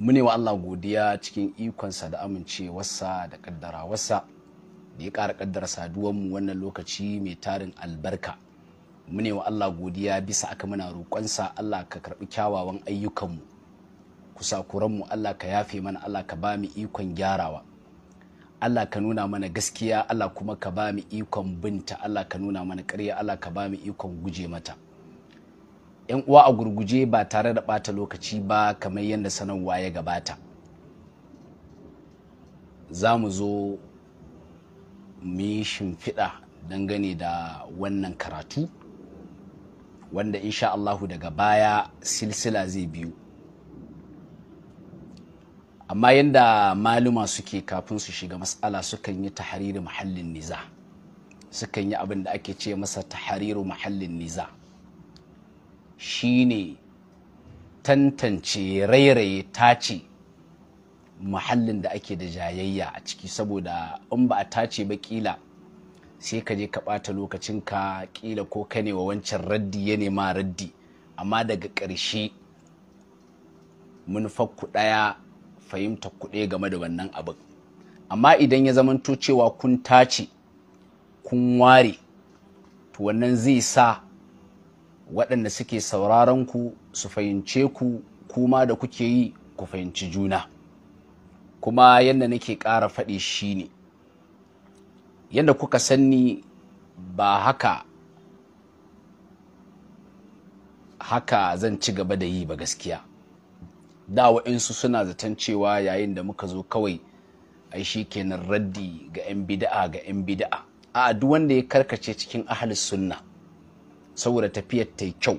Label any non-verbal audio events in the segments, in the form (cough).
mune wa Allah godiya cikin ikonsa da amincewarsa da kaddarawarsa da ya kara kaddara saduwanmu wannan lokaci mai tarin albarka mune wa Allah godiya bisa aka muna roƙonsa Allah ka karɓi kyawawan ayyukanmu kusakuranmu Allah ka yafe mana Allah ka ba mu ikon gyarawa Allah ka nuna mana gaskiya Allah kuma ka ba mu ikon binta Allah ka nuna mana ƙarya Allah ka ba mu ikon guje mata 'yan uwa a gurguje ba tare da ɓata lokaci ba kamar yadda sanarwa ya gabata za mu zo mu yi shimfiɗa dangane da wannan karatu wanda insha Allahu daga baya silsila zai biyu amma yadda maluma suke kafin su shiga matsala sukan yi tahariri muhallin niza sukan yi abin da ake ce masa tahariru muhallin niza' shine tantance rairaye tace muhallin da ake da jayayya a ciki saboda in ba a tace ba kila sai ka je ka ɓata lokacinka kila ko ka wa wancan raddi ya nema raddi amma daga ƙarshe ku ɗaya fahimta kuɗe game da wannan abin amma idan ya zamanto cewa kun tace kun ware to wannan zai sa waɗanda suke sauraron ku su fahimce ku kuma da kuke yi ku fahimci juna kuma yadda nake ƙara faɗi shi ne yadda kuka sanni ba haka haka zan ci gaba da yi ba gaskiya da wa'insu suna zaton cewa yayin da muka zo kawai ai shi kenan raddi ga 'yan bida'a ga 'yan bida'a a duk wanda ya karkace cikin ahalis sunna saboda tafiyar ta yi kyau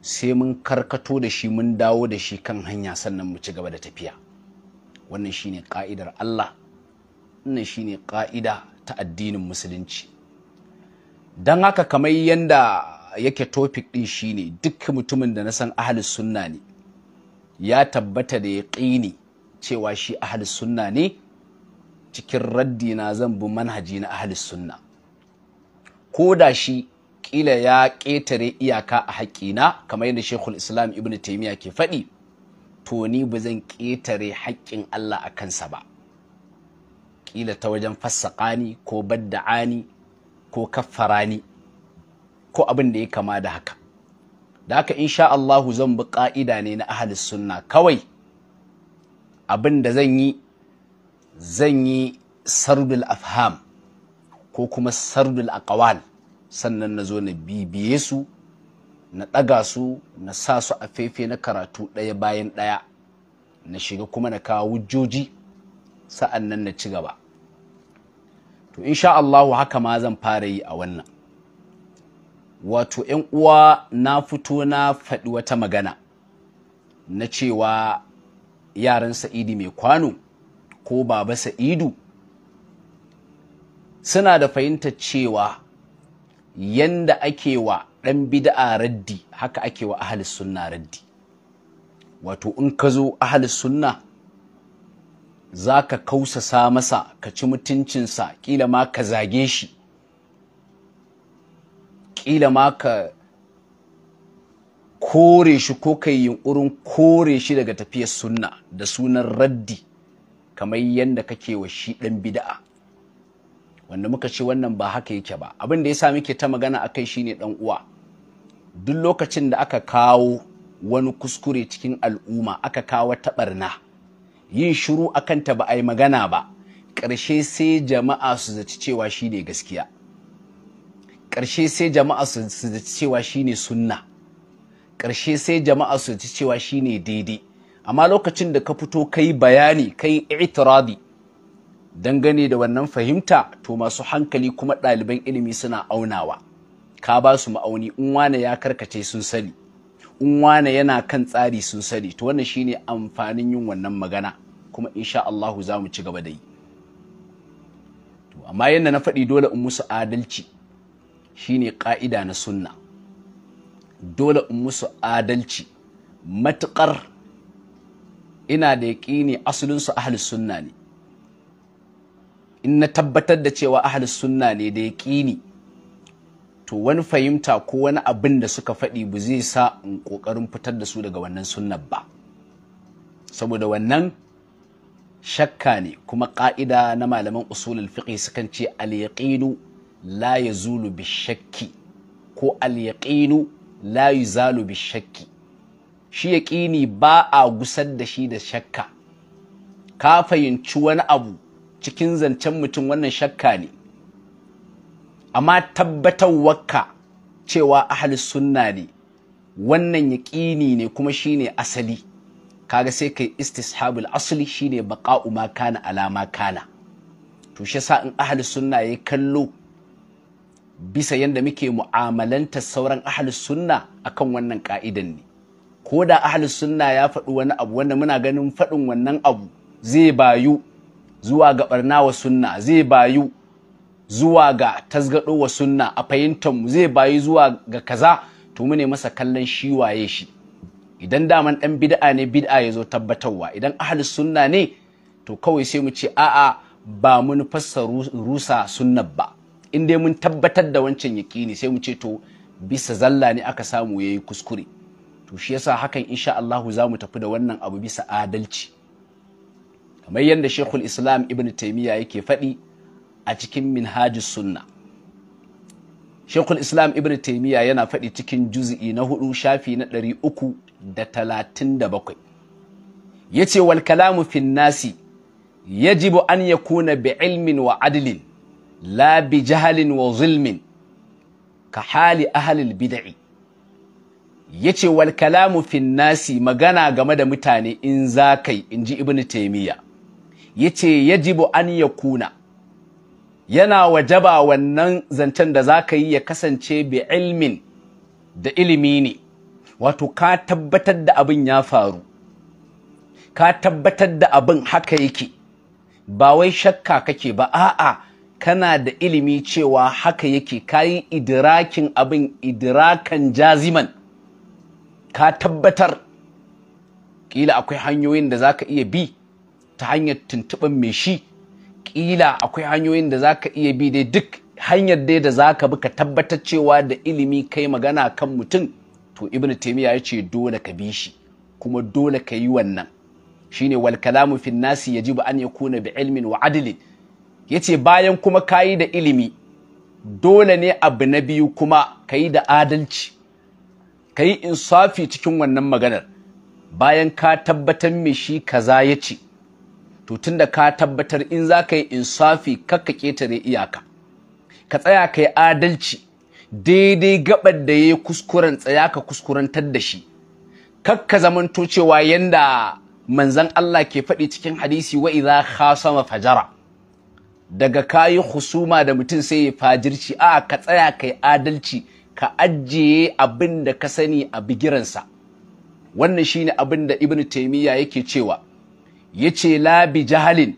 sai mun karkato da shi mun dawo da shi kan hanya sannan mu ci gaba da tafiya wannan shine ka'idar Allah wannan shine ka'ida ta addinin musulunci don haka kamar yanda yake topic din shine duk mutumin da na san ahalus sunna ne ya tabbata da ya ƙini cewa shi ahalus sunna ne cikin raddi na zan bi manhaji na ahalus sunna ko da shi kila ya ƙetare iyaka a haƙƙina kamar yadda shekul islam ibn taimiya ke faɗi to ni ba zan ƙetare haƙƙin allah a kansa ba ƙila ta wajen ni ko ni ko ni ko abin da ya kama da haka da haka insha Allahu zan bi ƙa'ida ne na ahalis sunna kawai abin da zan yi zan yi sardul afham ko kuma sardul aqwal sannan na zo na bibiye su na ɗaga su na sa su a fefe na karatu ɗaya bayan ɗaya na shiga kuma na kawo wujjoji sa'an nan na ci gaba to insha Allahu haka ma zan fara yi a wannan wato ‘yan uwa na fito na faɗi wata magana na cewa yaran sa'idi mai kwano ko baba sa'idu suna da fahimtar cewa yanda ake wa ɗan bida'a raddi haka ake wa ahalis sunna raddi wato in ka zo ahalis sunna za ka kausasa masa ka ci mutuncinsa ƙila ma ka zage shi ƙila ma ka kore shi ko ka yi yunƙurin kore shi daga tafiyar sunna da sunan raddi kamar yanda kake wa shi ɗan bida'a wanda muka ce wannan ba haka yake ba abin da ya sa muke ta magana a kai shine dan uwa duk lokacin da aka kawo wani kuskure cikin al'umma aka kawo ta barna yin shiru a kanta ba a yi magana ba ƙarshe sai jama'a su zaci cewa shine gaskiya ƙarshe sai jama'a su zaci cewa shine sunna ƙarshe sai jama'a su zaci cewa shine daidai amma lokacin da ka fito kai bayani kai itiradi dangane da wannan fahimta to masu hankali kuma ɗaliban ilimi suna aunawa ka ba su ma'auni in wane ya karkace sun sani in wane yana kan tsari sun sani to wannan shine amfanin yin wannan magana kuma insha Allahu za mu ci gaba da yi to amma yadda na faɗi dole in musu adalci shine ƙa'ida na sunna dole in musu adalci matuƙar ina da yaƙini asalinsu ahlus sunna ne in na tabbatar da cewa ahalus sunna ne da ya yaƙini to wani fahimta ko wani abin da suka faɗi ba zai sa in ƙoƙarin fitar da su daga wannan sunnar ba saboda wannan shakka ne kuma ƙa'ida na malaman usulul fiqh sukan ce al yaqinu la yazulu bi shakki ko al yaqinu la yuzalu bi shakki shi yaƙini ba a gusar da shi da shakka ka fahimci wani abu cikin zancen mutum wannan shakka ne amma tabbatarwarka cewa ahalis sunna ne wannan yaƙini ne kuma shi ne asali kaga sai kai istishabul asali shi ne baƙa ma kana alama kana to shi sa in ahalis sunna ya kallo bisa yadda muke mu'amalanta sauran ahalis sunna akan wannan ka'idan ne ko da ahalis sunna ya faɗi wani abu wanda muna ganin faɗin wannan abu zai bayu zuwa ga barna wa sunna zai bayu zuwa ga tasgado wa sunna a fahimtar mu zai bayu zuwa ga kaza to mu ne masa kallon shi waye shi idan daman dan bid'a ne bid'a ya zo tabbatarwa idan ahli sunna ne to kawai sai mu ce a'a ba mun fassa rusa sunna ba in dai mun tabbatar da wancan yaƙini sai mu ce to bisa zalla ne aka samu yayi kuskure to shi yasa hakan insha Allah za mu tafi da wannan abu bisa adalci kamar yadda shekul islam ibn taimiyya yake faɗi a cikin minhaji sunna shekul islam ibn taimiyya yana faɗi cikin juzi'i na hudu shafi na ɗari uku da talatin da bakwai ya ce wal kalamu fin nasi yajibu an ya kuna bi ilmin wa adilin la bi jahalin wa zulmin ka hali ahalil bida'i ya ce wal kalamu fin nasi magana game da mutane in za kai in ji ibn taimiyya yace yajibu an yakuna yana wajaba wannan zancen da zaka yi ya kasance bi ilmin da ilimi ne wato ka tabbatar da abin ya faru ka tabbatar da abin haka yake ba wai shakka kake ba a'a kana da ilimi cewa haka yake ka yi idirakin abin idirakan jaziman ka tabbatar ƙila akwai hanyoyin da za ka iya bi ta hanyar tuntuɓin mai shi ƙila akwai hanyoyin da za ka iya bi dai duk hanyar dai da za ka bi ka tabbatar cewa da ilimi kai magana kan mutum to ibn taimiyya ya ce dole ka bi shi kuma dole ka yi wannan shine wal kalamu fin nasi yajibu an yakuna bi ilmin wa ya yace bayan kuma kayi da ilimi dole ne abu na biyu kuma kayi da adalci kayi insafi cikin wannan maganar bayan ka tabbatar me shi kaza yace to tunda ka tabbatar in za ka yi insafi kakka ketare iyaka ka tsaya ka yi adalci daidai gabar da ya yi kuskuren tsaya ka kuskurantar da shi kakka zamanto cewa yanda manzan Allah ke faɗi cikin hadisi wa idza khasama fajara daga kayi husuma da mutum sai ya fajirci a ka tsaya kai adalci ka ajiye abin da ka sani a bigiransa wannan shine abin da ibnu taymiya yake cewa ya ce labi jahalin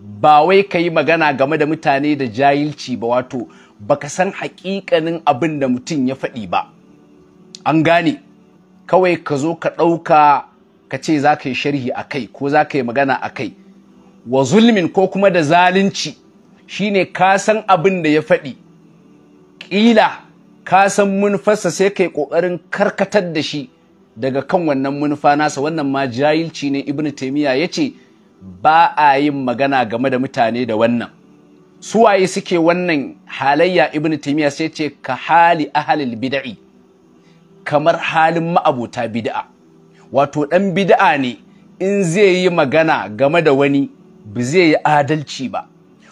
ba wai ka yi magana game da mutane da jahilci ba wato baka san hakikanin abin da mutum ya faɗi ba an gane kawai ka zo ka ɗauka ka ce za ka yi sharhi a kai ko za ka yi magana a kai wa zulmin ko kuma da zalunci shine ka san abin da ya faɗi ƙila ka san mun fasa sai ka yi ƙoƙarin karkatar da shi daga kan wannan manufa nasa wannan ma jahilci ne ibnu taimiyya ya ce ba a yin magana game da mutane da wannan Su waye suke wannan halayya ibnu taimiyya sai ce ka hali ahalil bida'i kamar halin ma'abota bida'a wato ɗan bida'a ne in zai yi magana game da wani ba zai yi adalci ba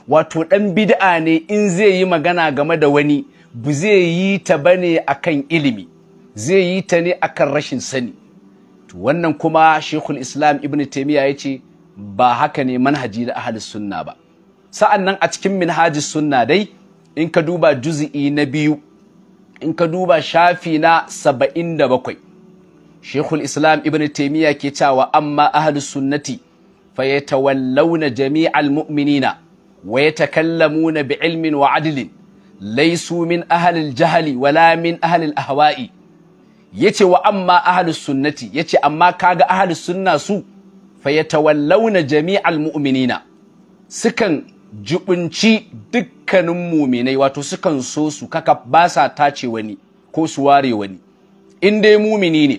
wato ɗan bida'a ne in zai yi magana game da wani ba zai yi ta bane akan ilimi zai yi ta ne kan rashin sani wannan kuma shekul islam ibn taimiyya ya ce ba haka ne manhaji da ahalus sunna ba sa'an nan a cikin minhaji sunna dai in ka duba juzi'i na biyu in ka duba shafi na saba'in da bakwai shekul islam ibn taimiyya ke cewa amma ahalus sunnati na jami'al mu'minina wa ya ta na bi'ilmin wa Lai laisu min ahalil jahali wala min ahalil ahwa'i yace wa amma ahlus sunnati yace amma kaga ahlus sunna su fayatawallawna jami'al mu'minina sukan jubunci dukkanin muminai wato sukan so su kaka ba sa tace wani ko su ware wani in dai mumini ne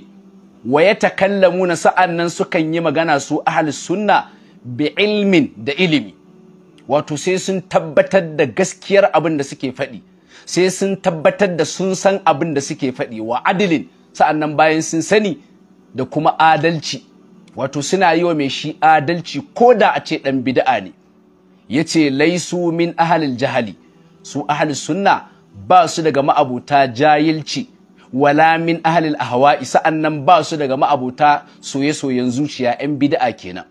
wa yatakallamuna sa'annan sukan yi magana su ahlus sunna bi ilmin da ilimi wato sai sun tabbatar da gaskiyar abin da suke faɗi sai sun tabbatar da sun san abin da suke faɗi wa adilin sa'annan bayan sun sani da kuma adalci wato suna yi wa mai shi adalci ko da a ce ɗan bida'a ne ya ce laisu min ahalin jahali su ahalin sunna ba su daga ma'abuta jayilci wala min ahalil ahwa'i sa'annan ba su daga ma'abuta soye-soyen zuciya 'yan bida'a kenan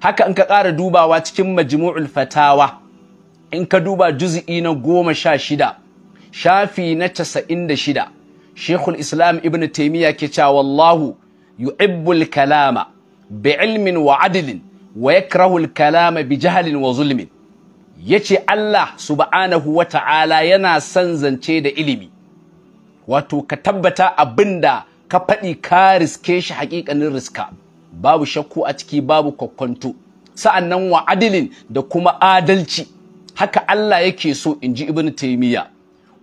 haka in ka ƙara dubawa cikin majmu'ul fatawa in ka duba juzi'i na goma sha shida shafi na casa'in da shida shekul islam ibn taimiyya ke cewa wallahu yu'ibbul kalama bi ilmin wa adilin wa yakrahul kalama bi jahalin wa zulmin yace Allah subhanahu wa ta'ala yana son zance da ilimi wato ka tabbata abinda ka faɗi ka riske shi haƙiƙanin riska babu shakku a ciki babu kwakwanto sa'annan wa adilin da kuma adalci haka Allah yake so in ji ibn taimiyya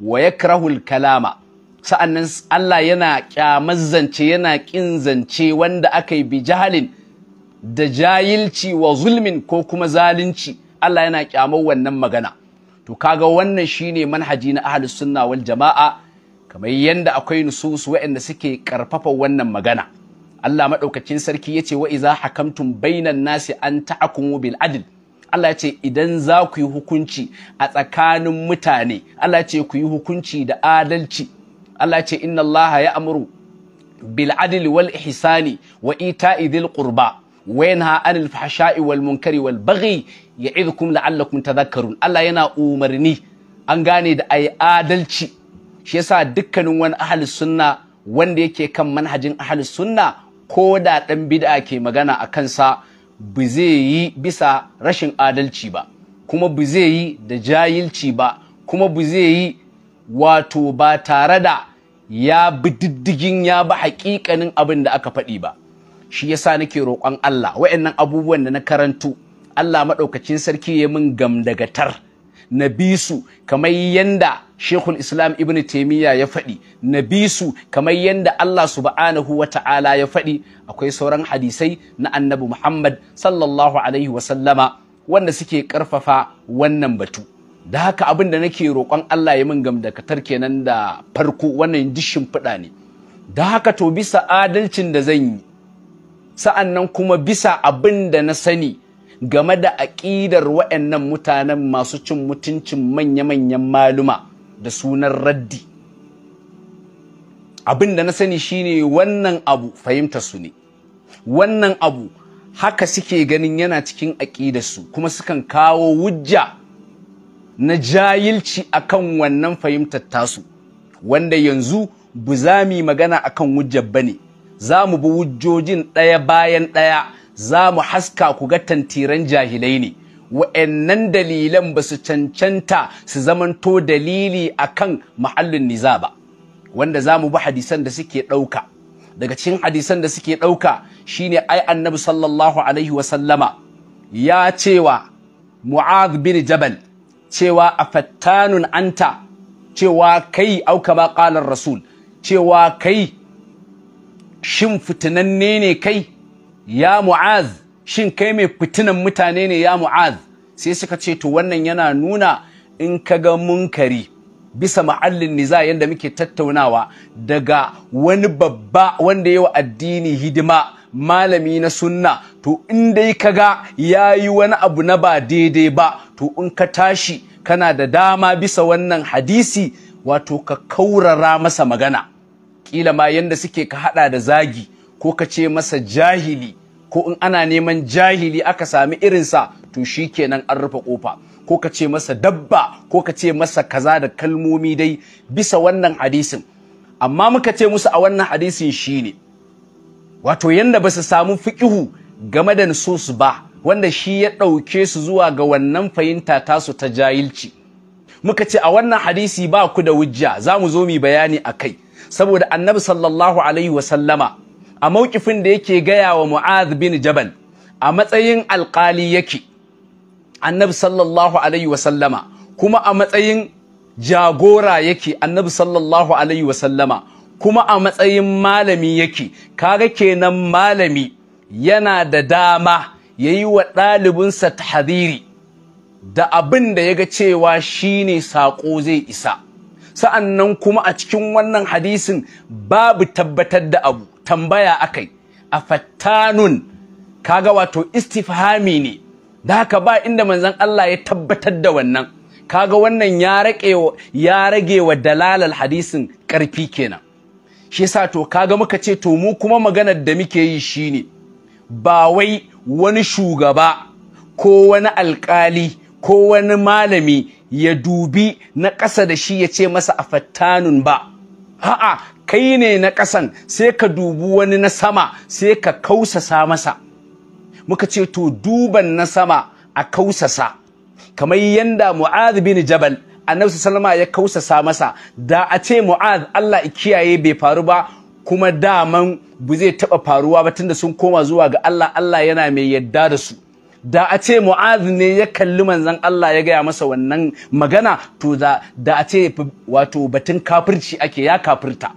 wa yakrahul kalama sa'annan Allah yana kyamar zance yana kin zance wanda aka yi bijahalin da jayilci wa zulmin ko kuma zalunci Allah yana kyamar wannan magana to kaga wannan shine manhaji na ahlus sunna wal jama'a kamar yadda akwai nususu waɗanda suke karfafa wannan magana Allah maɗaukacin sarki ya yace wa iza hakamtum bainan nasi an ta'kumu bil adl Allah ce idan za ku yi hukunci a tsakanin mutane Allah ce ku yi hukunci da adalci Allah ce inna Allah ya amuru bil adli wal ihsani wa ita'i dhil qurba wa yanha 'anil fahsha'i wal munkari wal baghi ya'idhukum la'allakum tadhakkarun Allah yana umarni an gane da ai adalci shi yasa dukkanin wani ahli sunna wanda yake kan manhajin ahli sunna ko da dan bid'a ke magana a kansa ba zai yi bisa rashin adalci ba kuma ba zai yi da jahilci ba kuma ba zai yi wato ba tare da ya bi diddigin ya bi hakikanin abin da aka faɗi ba shi yasa nake roƙon Allah wayannan abubuwan da na karantu Allah maɗaukacin sarki ya min gamdagatar na bisu kamar yanda shekul Islam Ibn Taimiyya ya faɗi na bisu kamar yanda Allah subhanahu wa ta'ala ya faɗi akwai sauran hadisai na Annabi Muhammad sallallahu alaihi wa sallama wanda suke ƙarfafa wannan batu da haka abin da nake roƙon Allah ya min gamdakatar kenan da farko wannan dishin shimfiɗa ne da haka to bisa adalcin da zan yi sa'annan kuma bisa abin da na sani game da aƙidar wa'annan mutanen masu cin mutuncin manya-manyan maluma da sunan raddi abin da na sani shine wannan abu fahimta su ne wannan abu haka suke ganin yana cikin aƙidarsu kuma sukan kawo wujja na jahilci akan wannan fahimtar tasu wanda yanzu bu za mu yi magana akan wujjar bane za mu bi wujjojin ɗaya bayan ɗaya za mu haska ku ga tantiran jahilai ne wa'annan dalilan ba su cancanta su zamanto dalili akan mahallin niza ba wanda za mu bi hadisan da suke ɗauka daga cikin hadisan da suke ɗauka shine ai annabi sallallahu alaihi wasallama ya cewa Mu'ad bin jabal cewa a fattanun anta cewa kai auka ba ƙalar rasul cewa kai shin fitinanne ne kai ya mu'az shin kai mai fitinan mutane ne ya mu'az sai suka ce to wannan yana nuna in ka ga munkari bisa ma'allin niza yadda muke tattaunawa daga wani babba wanda yawa addini hidima malami na sunna to in dai kaga yayi wani abu na ba daidai ba to in ka tashi kana da dama bisa wannan hadisi wato ka kaurara masa magana kila ma yanda suke ka hada da zagi ko ka ce masa jahili ko in ana neman jahili aka sami irinsa to shi shikenan an rufe kofa ko ka ce masa dabba ko ka ce masa kaza da kalmomi dai bisa wannan hadisin amma muka ce musu a wannan hadisin shine ne wato yanda ba su samu fiƙihu game da su ba wanda shi ya ɗauke su zuwa ga wannan fahimta tasu ta jahilci muka ce a wannan hadisi ba ku da wujja za mu zo mu bayani a kai saboda annabi sallallahu alaihi wasallama a mawkifin da yake gaya wa mu'adh bin jabal a matsayin alƙali yake annabi sallallahu alaihi wasallama kuma a matsayin jagora yake annabi sallallahu alaihi wasallama kuma a matsayin malami yake kaga kenan malami yana da dama ya yi wa ɗalibinsa hadiri, da abin da ya ga cewa shi ne saƙo zai isa sa'annan kuma a cikin wannan hadisin babu tabbatar da abu tambaya akai a fattanun kaga wato istifhami ne da haka ba inda manzon Allah ya tabbatar da wannan kaga wannan ya rage wa dalalar hadisin ƙarfi kenan shi yasa to kaga muka ce to mu kuma maganar da muke yi shine ba wai wani shugaba ko wani alkali ko wani malami ya dubi na ƙasa da shi ya ce masa a fattanun ba ha'a kai ne na ƙasan sai ka dubi wani na sama sai ka kausasa masa muka ce to duban na sama a kausasa kamar yanda mu'adh bin jabal annabi sallama ya kausasa masa da a ce mu'az Allah kiyaye bai faru ba kuma daman bu zai taba faruwa ba tunda sun koma zuwa ga Allah Allah yana mai yadda da su da a ce mu'az ne ya kalli manzon Allah ya gaya masa wannan magana to da a ce wato batun kafirci ake ya kafirta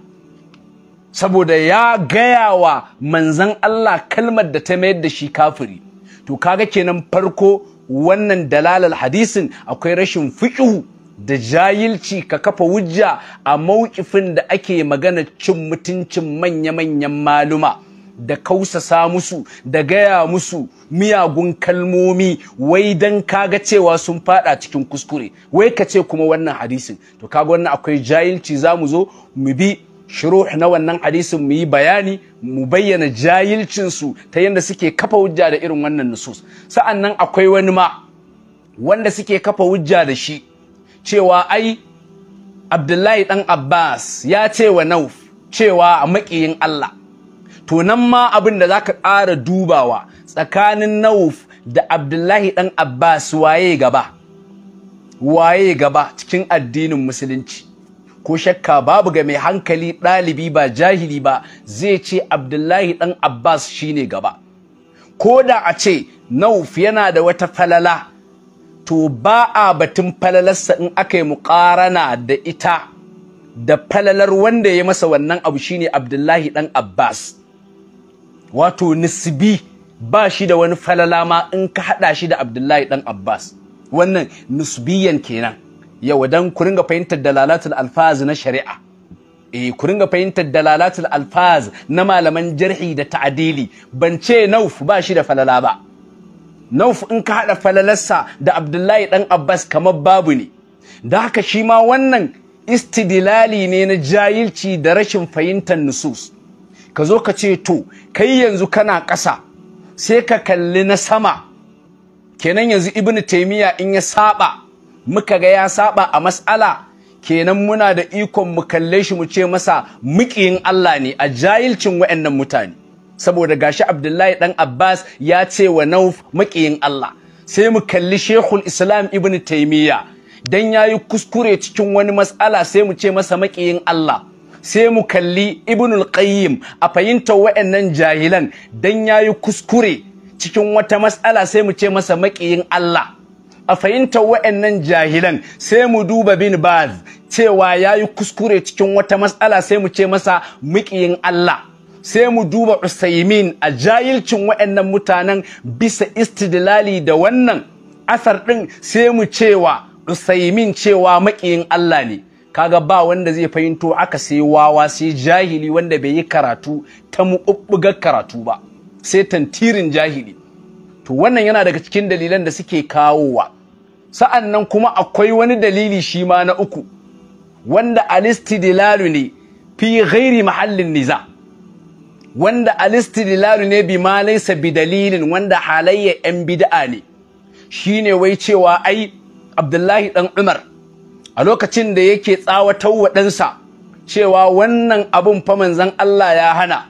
saboda ya gaya wa manzon Allah kalmar da ta mayar da shi kafiri to kaga kenan farko wannan dalalar hadisin akwai rashin fiqhu da jayilci ka kafa wujja a mawkifin da ake magana cin mutuncin manya-manyan maluma da kausasa musu da gaya musu miyagun kalmomi wai don kaga cewa sun fada cikin kuskure wai ka ce kuma wannan hadisin to kaga wannan akwai jayilci za mu zo mu bi shuruh na wannan hadisin mu yi bayani mu bayyana su ta yadda suke kafa wujja da irin wannan nusus sa'annan akwai wani ma wanda suke kafa wujja da shi cewa ai Abdullahi Ɗan Abbas ya ce wa Nauf cewa a maƙiyin Allah to nan ma abin da za ka ƙara dubawa tsakanin Nauf da Abdullahi dan Abbas waye gaba waye gaba cikin addinin musulunci ko shakka babu ga mai hankali ɗalibi ba jahili ba zai ce abdullahi ɗan abbas shine gaba ko da a ce nauf yana da wata falala to ba a batun falalarsa in aka yi muƙarana da ita da falalar wanda ya masa wannan abu shine Abdullahi ɗan Abbas wato nisbi ba shi da wani falala ma in ka haɗa shi da Abdullahi ɗan Abbas wannan nisbiyan kenan Yau wadan ku ringa fahimtar dalalatul alfaz na shari'a eh ku ringa fahimtar dalalatul alfaz na malaman jarhi da ta'adili ban ce nauf ba shi da falala ba nauf in ka haɗa falalarsa da abdullahi ɗan abbas kamar babu ne da haka shi ma wannan istidilali ne na jahilci da rashin fahimtar nusus ka zo ka ce to kai yanzu kana ƙasa sai ka kalli na sama kenan yanzu ibn taimiya in ya saba muka ga ya saba a mas'ala kenan muna da ikon mu kalle shi mu ce masa muƙiyin Allah ne a jahilcin waɗannan mutane saboda gashi Abdullahi dan Abbas ya ce wa Nauf maƙiyin Allah sai mu kalli Sheikhul Islam Ibn Taymiyyah dan yayi kuskure cikin wani mas'ala sai mu ce masa makiyin Allah sai mu kalli Ibnul Qayyim a fahimtar wa'annan jahilan dan yayi kuskure cikin wata mas'ala sai mu ce masa maƙiyin Allah a fahimtar wa'annan jahilan sai mu duba bin Baz cewa yayi kuskure cikin wata mas'ala sai mu ce masa maƙiyin Allah sai mu duba Usaimin a jahilcin waɗannan mutanen bisa istidlali da wannan asar ɗin sai mu cewa Usaimin cewa maƙiyin Allah ne kaga ba wanda zai fahimto aka sai wawa sai jahili wanda bai yi karatu ta muɓuɓɓugar karatu ba sai tantirin jahili to wannan yana daga cikin dalilan da suke kawowa sa'an nan kuma akwai wani dalili shi ma na uku wanda alistidlalu ne fi ghairi mahallin niza' wanda alistidlalu ne bi malaisa bi dalilin wanda halayya yan bid'a ne shine wai cewa ai Abdullahi Ɗan Umar a lokacin da yake tsawatar wa ɗansa cewa wannan abun fa manzon Allah ya hana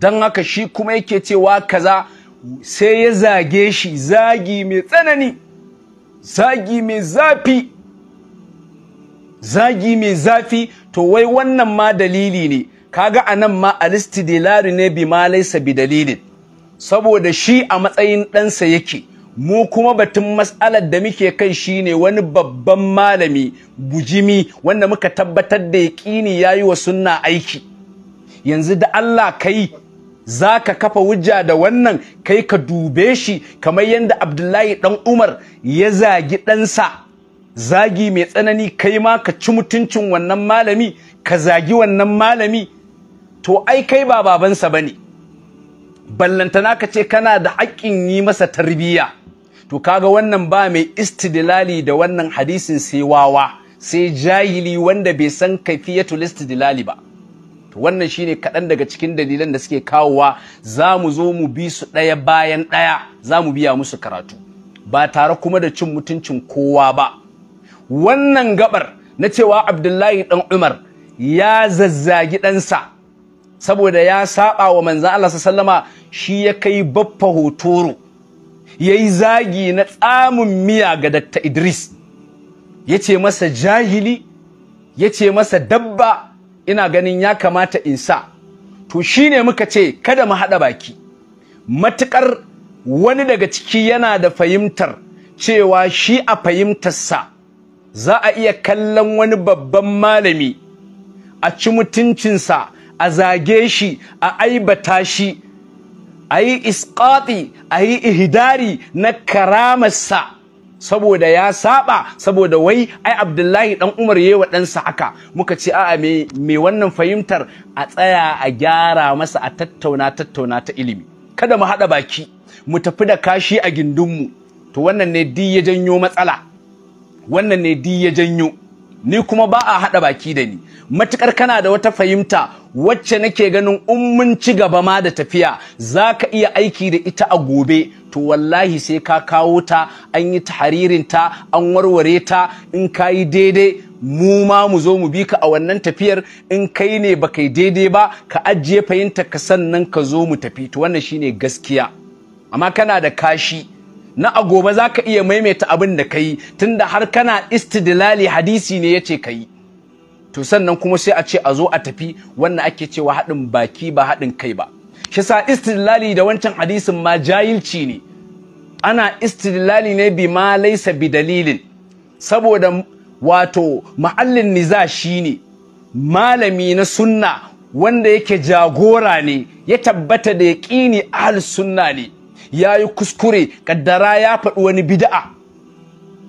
dan haka shi kuma yake cewa kaza sai ya zage shi zagi mai tsanani zagi mai zafi zagi mai zafi to wai wannan ma dalili ne kaga anan ma alistidilari ne bi ma laisa bi dalilin saboda shi a matsayin ɗansa yake mu kuma batun mas'alar da muke kai shine wani babban malami bujimi wanda muka tabbatar da ya yayi wa sunna aiki yanzu da Allah kai za ka kafa wujja da wannan kai ka dube shi kamar yadda Abdullahi ɗan Umar ya zagi ɗansa zagi mai tsanani kai ma ka ci mutuncin wannan malami ka zagi wannan malami to ai kai ba babansa ba ne ballantana ka ce kana da haƙƙin yi masa tarbiyya to kaga wannan ba mai istidilali da wannan hadisin sai wawa sai jahili wanda bai san kaifiyatul istidilali ba to wannan shine kaɗan daga cikin dalilan da suke kawowa za mu zo mu bi su ɗaya bayan ɗaya za mu biya musu karatu ba tare kuma da cin mutuncin kowa ba wannan gabar na cewa abdullahi ɗan umar ya zazzagi ɗansa saboda ya saba wa manzan Allah sallama shi ya kai baffa hotoro ya yi zagi na tsamin miya ga Dr. Idris ya ce masa jahili ya ce masa dabba ina ganin ya kamata in sa to shi ne muka ce kada mu haɗa baki matuƙar wani daga ciki yana da fahimtar cewa shi a fahimtarsa za a iya kallon wani babban malami a ci mutuncinsa a zage shi a aibata shi a yi isƙaɗi a yi ihidari na karamarsa saboda ya saba saboda wai ai abdullahi dan umar yayi wa ɗansa haka muka ce a'a me me wannan fahimtar a tsaya a gyara masa a tattauna tattauna ta ilimi kada mu haɗa baki mu tafi da kashi a gindinmu to wannan ne di ya janyo matsala wannan ne di ya janyo ni kuma ba a haɗa baki da ni matukar kana da wata fahimta wacce nake ganin in mun ci gaba ma da tafiya za ka iya aiki da ita a gobe to wallahi sai ka kawo ta an yi ta, an warware ta in ka yi daidai mu ma mu zo mu bi ka a wannan tafiyar in kai ne ba kai daidai ba ka ajiye fahimta ka sannan ka zo mu tafi to wannan shine gaskiya amma kana da kashi na a gobe za ka iya maimaita abin da ka yi tun da har kana istidilali hadisi ne ya ce ka yi to sannan kuma sai a ce a zo a tafi wannan ake cewa haɗin baki ba haɗin kai ba shi sa istidilali da wancan hadisin ma jahilci ne ana istidilali ne bi ma laisa bi dalilin saboda wato ma'allin niza shi ne. malami na sunna wanda yake jagora ne ya tabbata da yaƙini ahal sunna ne ya yi kuskure kaddara ya faɗi wani bid'a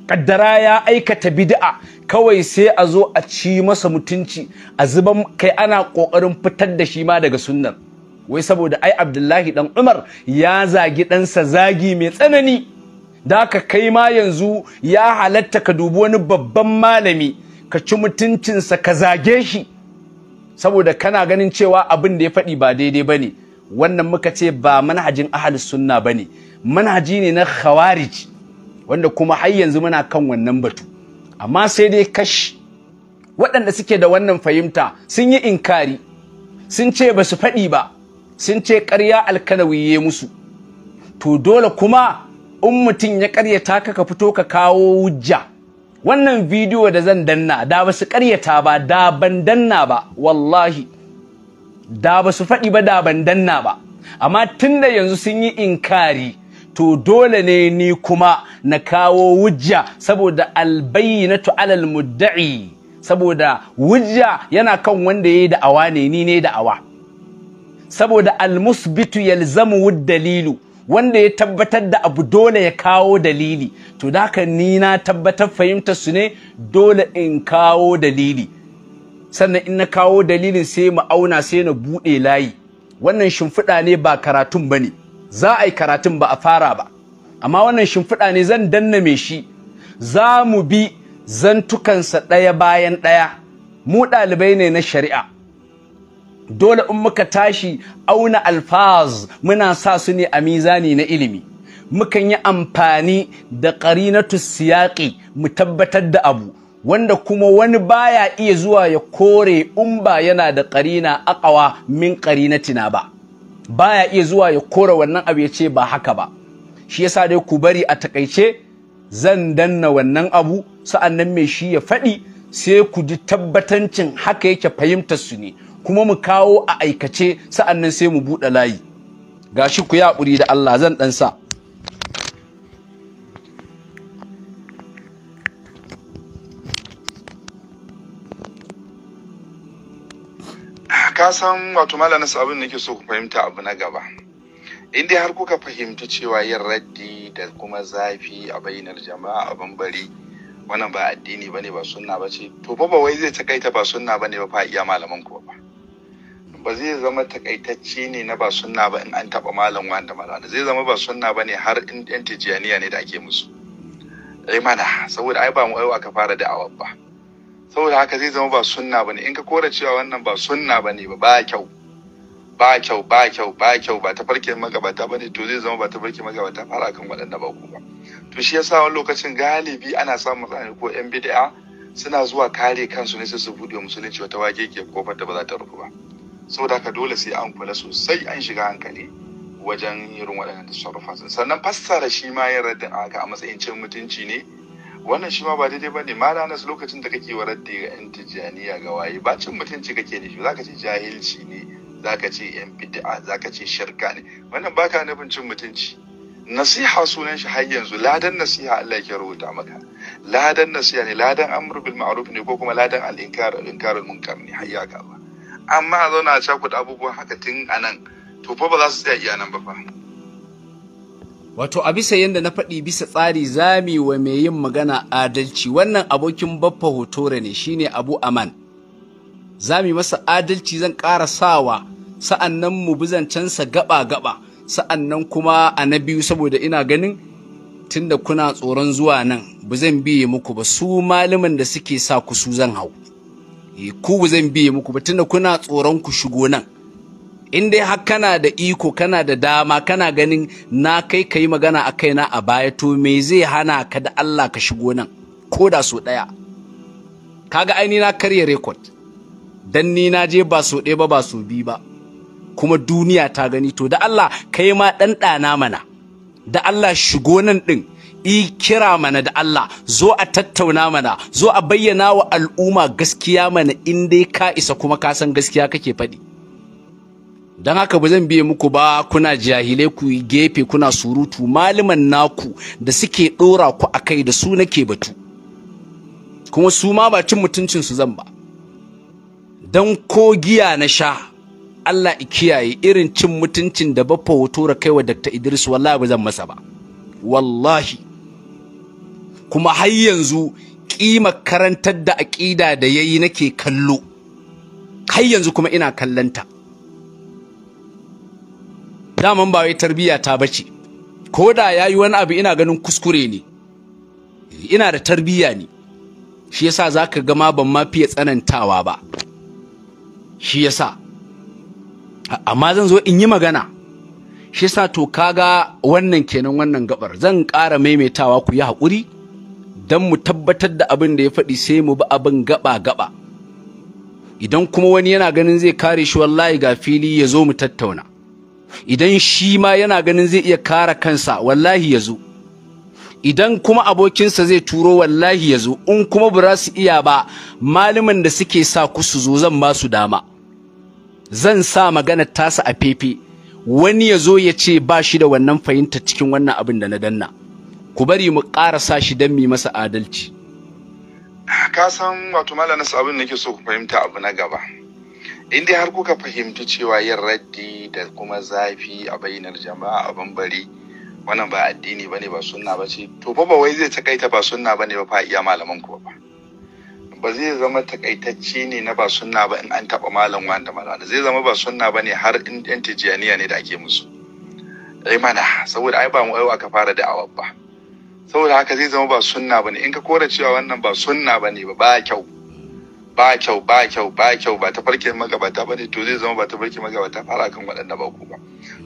kaddara ya aikata bid'a kawai sai a zo a ci masa mutunci a zuban kai ana ƙoƙarin fitar da shi ma daga sunnar wai saboda ai abdullahi dan umar ya zagi ɗansa zagi mai tsanani da ka kai ma yanzu ya halatta ka dubi wani babban malami ka ci mutuncinsa ka zage shi saboda kana ganin cewa abin da ya faɗi ba daidai ba ne wannan muka ce ba manhajin ahalus sunna ba ne. manhaji ne na khawarij wanda kuma har yanzu muna kan wannan batu amma sai dai kash waɗanda suke da wannan fahimta sun yi inkari sun ce ba su faɗi ba sun ce ƙarya ya musu to dole kuma in mutum ya ƙaryata ka ka fito ka kawo wujja wannan bidiyo da zan danna da ba su ƙaryata ba da ban danna ba wallahi da ba su faɗi ba da ban danna ba amma tun da yanzu sun yi inkari to dole ne ni kuma na kawo wujja saboda albayyinatu alal mudda'i saboda wujja yana kan wanda yayi awa ne ni ne da awa. saboda almusbitu yalzamu wud dalilu wanda ya tabbatar da abu dole ya kawo dalili to da haka ni na tabbatar fahimtar su ne dole in kawo dalili sannan in na kawo dalilin sai mu auna sai na buɗe layi wannan shimfiɗa ne ba karatun bane. za a yi karatun ba a fara ba amma wannan shimfiɗa ne zan danna me shi za mu bi zantukansa ɗaya bayan ɗaya mu ɗalibai ne na shari'a dole in muka tashi auna alfaz muna sa su ne a mizani na ilimi mukan yi amfani da ƙarinatu siyaƙi mu tabbatar da abu wanda kuma wani baya iya zuwa ya kore in ba yana da ƙarina akawa min ƙarinatina ba baya iya zuwa ya kore wannan abu ya ce ba haka ba shi yasa dai ku bari a takaice zan danna wannan abu sa'annan mai shi ya faɗi sai ku ji tabbatancin haka yake fahimtar su ne kuma mu kawo a aikace sa'annan sai mu buɗe layi Ga shi ku ya da Allah zan ɗan sa ka san wato malamin abin nake so ku fahimta abu na gaba in dai har kuka fahimci cewa yin raddi da kuma zafi a bayyanar jama'a a bambari wannan ba addini bane ba sunna ba ce to ba ba wai zai takaita ba sunna bane ba fa iya malaman ku ba ba zai zama takaitacce ne na ba sunna ba in an taba malam wanda malama zai zama ba sunna bane har in tijaniya ne da ake musu ai eh mana saboda ai ba mu aiwa ka fara da'awar ba saboda haka zai zama ba sunna bane in ka kora cewa wannan ba sunna bane ba ba kyau ba kyau ba kyau ba kyau ba tafarkin magabata bane to zai zama ba tafarkin magabata fara kan waɗanda ba ku ba to shi yasa wani lokacin galibi ana samun matsala ko yan bid'a suna zuwa kare kansu ne sai su buɗe musulunci wata wage ke kofar da ba za ta rufu ba saboda haka dole sai an kula sosai an shiga hankali wajen irin waɗannan tasarrufa sannan fassara shi ma yin raddin a matsayin cin mutunci ne wannan shi ma ba daidai ba ne ma nasu lokacin da kake warar da yan tijjaniya ga waye ba cin mutunci kake nufi zaka ce jahilci ne zaka ce yan bid'a zaka ce shirka ne wannan baka nufin cin mutunci nasiha sunan shi har yanzu ladan nasiha Allah ya rubuta maka ladan nasiha ne ladan amru bil ma'ruf ne ko kuma ladan al inkar al inkar munkar ne hayya ka ba amma a zauna a cakuɗa abubuwan haka tun anan to fa ba za su tsaya iya nan ba fa wato a bisa yadda na faɗi bisa tsari zami wa mai yin magana adalci wannan abokin baffa hotore ne shine abu aman zami masa adalci zan ƙara sawa sa'an nan mu bizancensa gaba-gaba sa'an nan kuma a na biyu saboda ina ganin tunda kuna tsoron zuwa nan ba zan biye muku ba su malaman da suke sa ku su zan hau eh, ku ba zan biye muku ba tunda kuna tsoron ku shigo nan in dai har kana da iko kana da dama kana ganin na kai ka yi magana a kaina a baya to me zai hana ka da Allah ka shigo nan ko da so ɗaya kaga aini na karya rekod dan ni na je ba so ɗaya ba ba so biyu ba kuma duniya ta gani to da Allah kai ma ɗan ɗana mana da Allah shigo nan ɗin i kira mana da Allah zo a tattauna mana zo a bayyana wa al'umma gaskiya mana in dai ka isa kuma ka san gaskiya kake faɗi don haka ba zan biye muku ba kuna jahilai ku gefe kuna surutu malaman naku da suke ɗora ku a kai da su nake batu kuma su ma ba cin mutuncin su zan ba don ko giya na sha Allah i kiyaye irin cin mutuncin da bafa hoto da kaiwa Dr. Idris wallahi ba zan masa ba wallahi kuma har yanzu kima karantar da aƙida da yayi nake kallo har yanzu kuma ina kallanta daman ba wai tarbiyya ta bace ko da yayi wani abu ina ganin kuskure ne eh, ina da tarbiyya ne shi yasa zaka ga ma ban ma fiye tsanantawa ba shi yasa amma zan zo in yi magana shi yasa to kaga wannan kenan wannan gabar zan ƙara maimaitawa ku yi haƙuri don mu tabbatar da abin da ya faɗi sai mu bi abin gaba gaba idan kuma wani yana ganin zai kare shi wallahi ga fili ya zo mu tattauna idan shi ma yana ganin zai iya kara kansa wallahi ya zo idan kuma abokinsa zai turo wallahi ya zo in kuma ba su iya ba malamin da suke sa ku su zo zan ba su dama zan sa magana tasa a fefe wani ya zo ya ce ba shi da wannan fahimta cikin wannan abin da na danna ku bari mu ƙara sa shi don mu masa adalci ka san wato malamin abin da nake so ku fahimta abu na gaba inda har kuka fahimci cewa yin raddi da kuma zafi a bayyanar jama'a a bambari wannan ba addini ba ne ba sunna ba ce to ba wai zai takaita ba sunna ba ne ba fa iya malaman ku ba ba zai zama takaitacce ne na ba sunna ba in an taba malam wanda malama zai zama ba sunna ba ne har in yan tijaniya ne da ake musu ai mana saboda ai ba mu aiwa ka fara da'awar ba saboda haka zai zama ba sunna ba ne in ka kora cewa wannan ba sunna ba ne ba ba kyau ba kyau ba kyau ba kyau ba ta farke magabata ba ne, to zai zama ba ta farke magabata fara kan waɗanda ba ku ba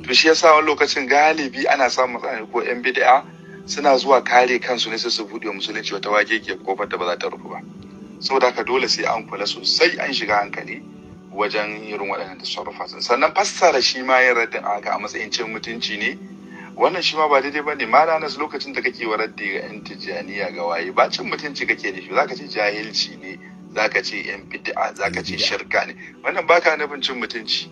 to shi yasa wani lokacin galibi ana samun tsani ko yan bid'a suna zuwa kare kansu ne sai su buɗe wa musulunci wata wage ke kofar da ba za ta rufu ba saboda haka dole sai an kula sosai an shiga hankali wajen irin waɗannan tasarrufa sannan fassara shi ma yin raddin haka a matsayin cin mutunci ne wannan shi ma ba daidai ba ne ma ranar lokacin da kake wa raddi ga yan tijjaniya ga waye ba cin mutunci kake da shi ka ce jahilci ne zaka ce yan bid'a zaka ce shirka ne wannan baka nufin cin mutunci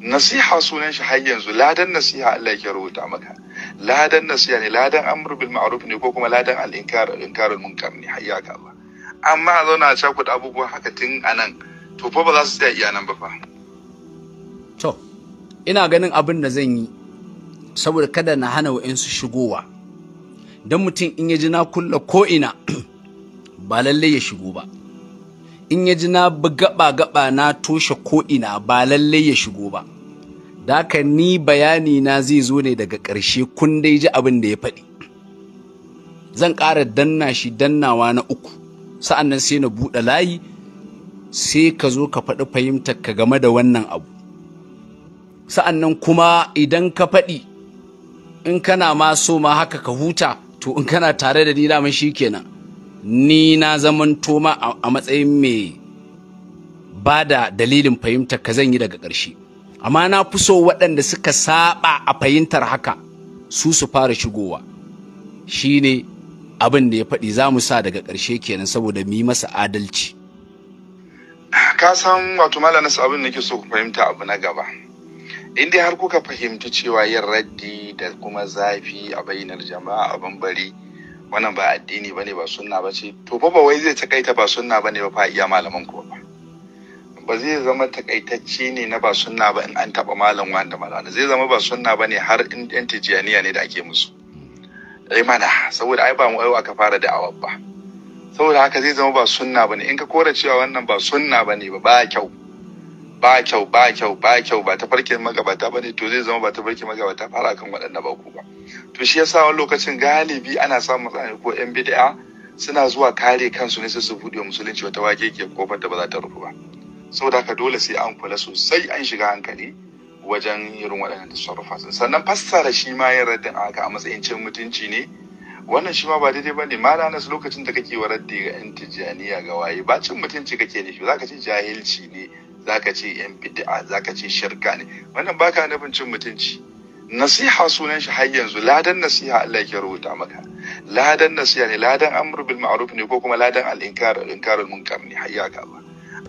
nasiha sunan shi har yanzu ladan nasiha Allah ya rubuta maka ladan nasiha ne ladan amr bil ma'ruf ne ko kuma ladan al inkar al al munkar ne hayya ka ba amma a zauna a cakuɗa abubuwa haka tun anan to fa ba za su tsaya iya nan ba fa to ina ganin abin da zan yi saboda kada na hana wa'insu shigowa don mutum in ya ji na kulla ko'ina (clears throat) ba lallai ya shigo ba in ya ji na gaba-gaba na toshe ko'ina ba lallai ya shigo ba da ni bayani na zai zo ne daga ƙarshe kun dai ji abin da ya faɗi zan ƙara danna shi dannawa na uku sa'an nan sai na buɗe layi sai ka zo ka faɗi fahimtar ka game da wannan abu sa'an nan kuma idan ka faɗi in kana ma so ma haka ka huta to in kana tare da ni daman shi kenan ni na zaman toma a matsayin mai ba da dalilin fahimtar ka zan yi daga ƙarshe amma na fi so waɗanda suka saba a fahimtar haka su su fara shigowa Shi ne abin da ya faɗi za mu sa daga ƙarshe kenan saboda mu yi masa adalci ka san wato malam nasu abin da nake so ku fahimta abu na gaba in dai har kuka fahimci cewa yin raddi da kuma zafi a bayyanar jama'a a bambari wannan ba addini bane ba sunna ba ce to fa ba wai zai takaita ba sunna bane ba fa iya malaman ko ba ba zai zama takaitacce ne na ba sunna ba in an taba malam wanda malama zai zama ba sunna bane har in yan tijaniya ne da ake musu ai mana saboda ai ba mu aiwa aka fara awab ba saboda haka zai zama ba sunna bane in ka kora cewa wannan ba sunna bane ba ba kyau ba kyau ba kyau ba kyau ba ta farkin magabata bane to zai zama ba ta farkin magabata fara kan waɗanda ba ku ba to shi yasa wani lokacin galibi ana samun tsanani ko yan bid'a suna zuwa kare kansu ne sai su buɗe musulunci wata wake ke kofar da ba za ta rufu ba saboda haka dole sai an kula sosai an shiga hankali wajen irin waɗannan tasarrufa sannan fassara shi ma yin raddin haka a matsayin cin mutunci ne wannan shi ma ba daidai ne ma ranar nasu lokacin da kake wa raddi ga yan tijjaniya ga waye ba cin mutunci kake nufi ka ce jahilci ne za ka ce yan bid'a ka ce shirka ne wannan baka nufin cin mutunci nasiha sunan shi har yanzu ladan nasiha Allah yake rubuta maka ladan nasiha ne ladan amr bil ma'ruf ne ko kuma ladan al inkar al munkar ne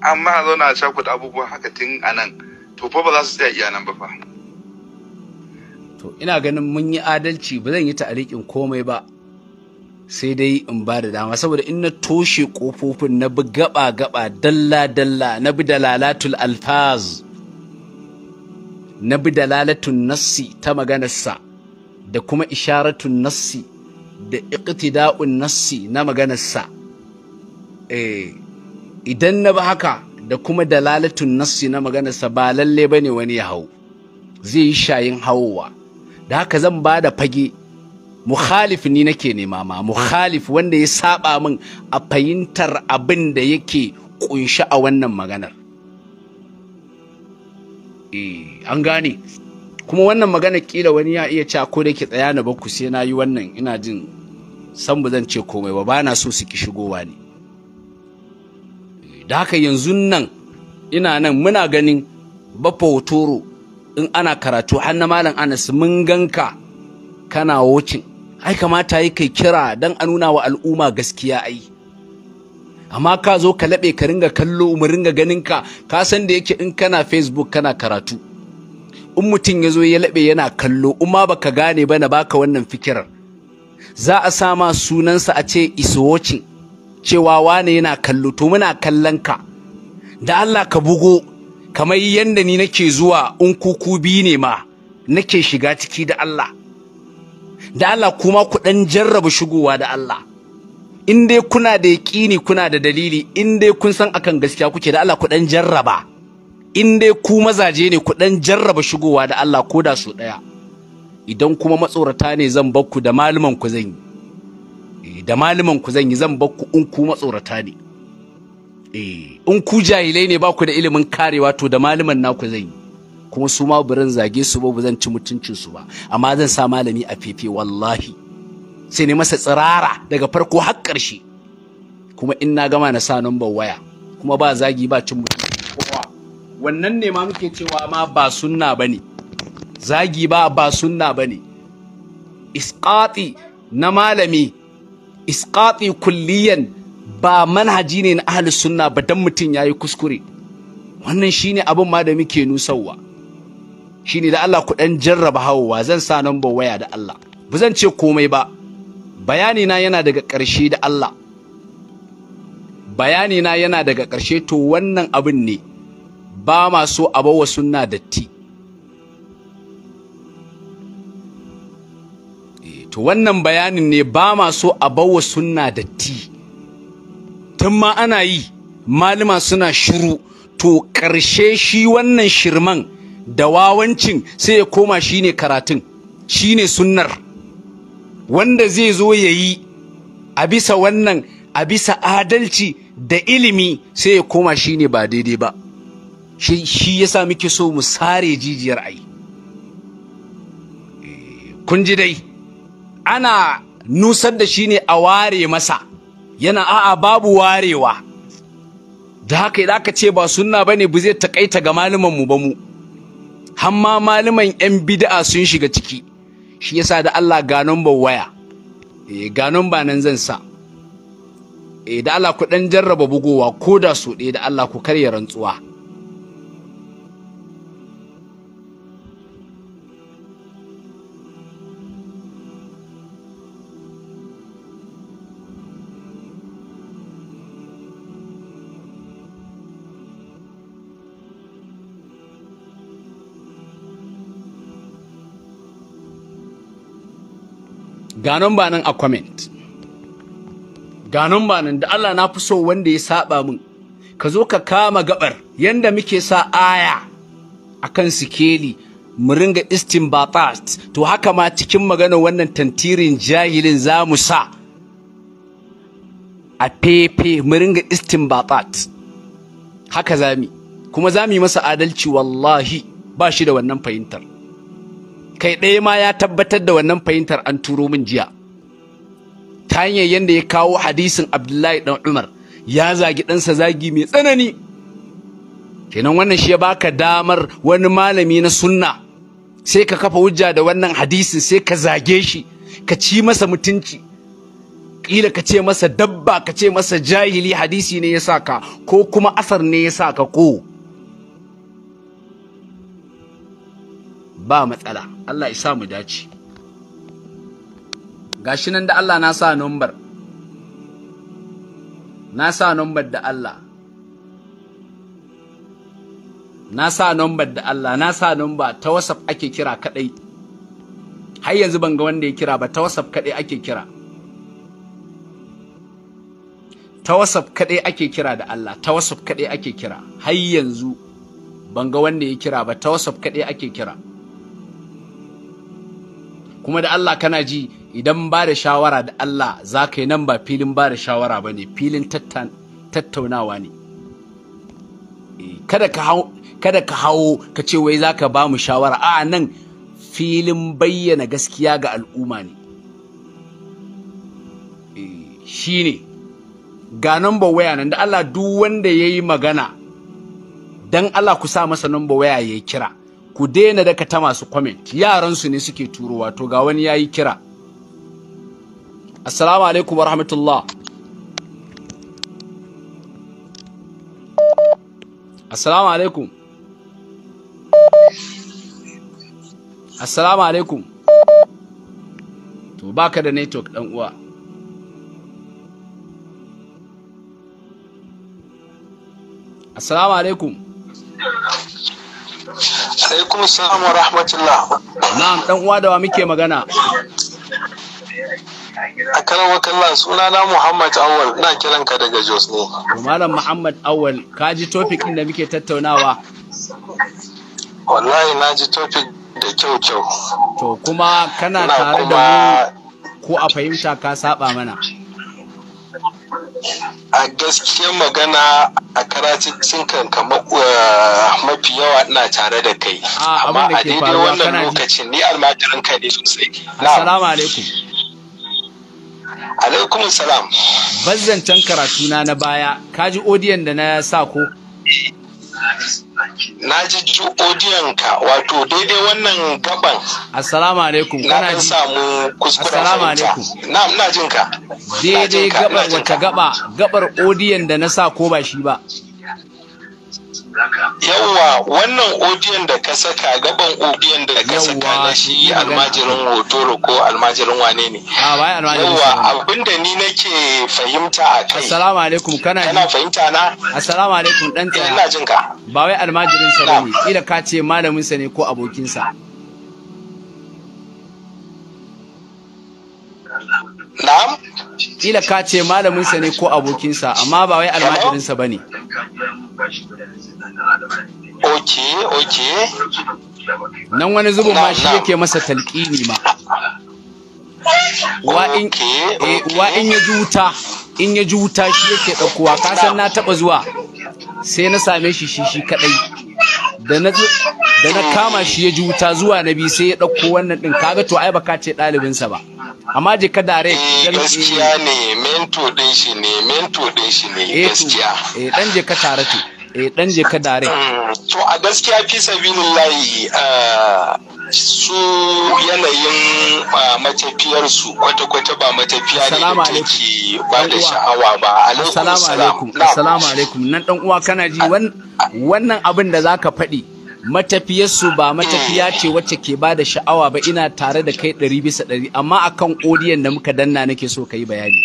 amma a zauna a shakuta abubuwa haka tun anan to fa ba za su tsaya iya nan ba fa to ina ganin mun yi adalci ba zan yi ta'alikin komai ba sai dai in ba da dama saboda in na toshe kofofin na bi gaba gaba dalla dalla na bi dalalatul alfaz na bi dalalatun nassi ta maganarsa da kuma isharatun nassi da iqtida'un nassi na maganarsa eh, idan na bi haka da kuma dalalatun nassi na maganarsa ba lalle ba ne wani ya hau zai yi shayin hawowa da haka zan ba da fage mukhalif ni nake nema ma mukhalif wanda ya saba min a fahimtar abin da yake kunshi a wannan maganar eh an gane kuma wannan magana kila wani ya iya cewa ko da ke tsaya na bakku sai na yi wannan ina jin san ba zan ce komai ba ba na so su ki shigowa ne eh, da haka yanzu nan ina nan muna ganin baffa hotoro in ana karatu har na malam anas mun ganka kana wocin ai kamata yi kai kira don a nuna wa al'umma gaskiya ai amma ka zo ka laɓe ka ringa kallo mu ringa ganin ka ka san da yake in kana facebook kana karatu in mutum ya zo ya laɓe yana kallo in ma baka gane ba na baka wannan fikirar za a ma sunansa a ce isowacin cewa wane yana kallo to muna kallon ka da Allah ka bugo kamar yadda ni nake zuwa in kuku biyu ne ma nake shiga ciki da Allah da Allah kuma ku dan jarraba shigowa da Allah in dai kuna da yaƙini kuna da dalili in dai kun san akan gaskiya kuke da Allah ku dan jarraba in dai ku mazaje ne ku dan jarraba shigowa da Allah ko da su daya idan kuma matsorata ne zan bakku da maluman ku zan yi eh, da maluman ku zan yi zan bakku in ku matsorata ne eh in ku jahilai ne ba ku da ilimin karewa to da na naku zan yi kuma su ma zage su ba zan ci mutuncin su ba amma zan sa malami a fefe wallahi sai ne masa tsirara daga farko har ƙarshe kuma in na gama na sa number waya kuma ba zagi ba cin mutum wannan ne ma muke cewa ma ba sunna bane zagi ba ba sunna bane isqati na malami isqati kulliyan ba manhaji ne na ahli sunna ba dan mutum yayi kuskure wannan shine abin ma da muke nusarwa shine da Allah ku dan jarraba hawowa zan sa number waya da Allah ba zan ce komai ba Bayanina na yana daga ƙarshe da Allah bayani yana daga ƙarshe to wannan abin ne ba ma so a bawa sunna datti eh, to wannan bayanin ne ba ma so a bawa sunna datti tun ma ana yi malama suna shiru to ƙarshe shi wannan shirman da wawancin sai ya koma shine karatun shine sunnar wanda zai zo ya yi a bisa wannan a bisa adalci da ilimi sai ya koma shi ne ba daidai ba shi ya sa muke so mu sare jijiyar ai eh, kun ji dai ana nusar da shi ne a ware masa yana a'a babu warewa da haka idan aka ce ba sunna bane ba zai takaita ga malaman ba mu hamma malaman yan bid'a sun shiga ciki shi yasa da Allah ga number waya eh ga number nan zan sa eh da Allah ku dan jarraba bugowa ko da su ɗaya da Allah ku karya rantsuwa ganon ba nan a comment ganon ba nan da Allah na fi so wanda ya saba min ka zo ka kama gabar yanda muke sa aya akan sikeli mu ringa istinbatat to haka ma cikin magana wannan tantirin jahilin za mu sa a pepe mu ringa istinbatat haka zami kuma zami masa adalci wallahi ba shi da wannan fahimtar kai ɗaya ma ya tabbatar da wannan fahimtar an turo min jiya ta hanyar yadda ya kawo hadisin abdullahi dan umar ya zagi ɗansa zagi mai tsanani kenan wannan shi ya baka damar wani malami na sunna sai ka kafa hujja da wannan hadisin sai ka zage shi ka ci masa mutunci kila ka ce masa dabba ka ce masa jahili hadisi ne ya ka? ko kuma asar ne ya ka, ko ba matsala Allah ya sa mu dace gashi nan da Allah na sa number na sa number da Allah na sa number da Allah na sa number ta WhatsApp ake kira kadai har yanzu ban ga wanda ya kira ba ta WhatsApp kadai ake kira ta wasaf kaɗai ake kira da Allah ta wasaf kaɗai ake kira har yanzu ban ga wanda ya kira ba ta wasaf kaɗai ake kira kuma da Allah kana ji idan ba da shawara da Allah za ka yi nan ba filin ba da shawara ba ne filin tattaunawa ne eh, kada ka hawo ka ce wai za ka ba mu shawara a nan filin bayyana gaskiya ga al'umma ne eh, shi ne ga number waya nan da Allah duk wanda ya yi magana don Allah ku sa masa number waya ya kira ku daina daga ta masu comment yaransu ne suke turo wato ga wani yayi kira assalamu alaikum warahmatullah assalamu alaikum assalamu alaikum to baka da network dan uwa assalamu alaikum alaikum salam wa rahmatullah na'am dan uwa da wa muke magana a karan wakalla sunana muhammad awal ina kiran ka daga jos ne malam muhammad awal ka ji topic din da muke tattaunawa wallahi na ji topic da kyau kyau to kuma kana tare da mu ko a fahimta ka saba mana a gaskiyar magana a karatun kanka eh, mafi yawa ina tare da kai ah, amma a daidai wannan lokacin ni almajirin ka ne sosai assalamu alaikum alaikum salam bazzancan karatuna na baya kaji odiyon da na sa ko na ji odiyon ka wato daidai wannan gaban assalamu alaikum kana ji samu kuskure assalamu alaikum na'am na jin ka daidai gabar wata gaba gabar odiyon da na sa ko ba shi ba yawwa wannan odiyon da ka saka gaban odiyon da ka saka na shi almajirin hotoro ko almajirin wane ne ah, yawwa abinda ni nake fahimta a kai assalamu alaikum kana kana fahimta na assalamu alaikum dan tsaya ina jin ka ba wai almajirin sa bane kila ka ce malamin sa ne ko abokin sa na'am kila ka ce malaminsa ne ko abokinsa amma ba wai almajirinsa ba ne ok ok nan wani zubin ma shi yake masa talƙini ma eh, wa in ya ji wuta in ya ji shi yake ɗaukowa kasan na taɓa zuwa sai na same shi shi shi kaɗai da na kama shi ya ji wuta zuwa na biyu sai ya ɗauko wannan ɗin kaga to ai baka ce ɗalibinsa ba amma je ka dare eh, gaskiya ne mento ɗin shi ne mento ɗin shi ne eh gaskiya eh dan je ka tare to Eh, dan je ka dare (laughs) to a gaskiya fi layi, eh, su yanayin eh, matafiyar su kwata-kwata ba matafiya ne da take ba da sha'awa ba alaikum assalamu alaikum nan dan uwa kana ji wannan abin da zaka faɗi matafiyarsu ba matafiya ce wacce ke ba da sha'awa ba ina tare da kai ɗari bisa ɗari amma akan odiyan da muka danna nake so ka yi bayani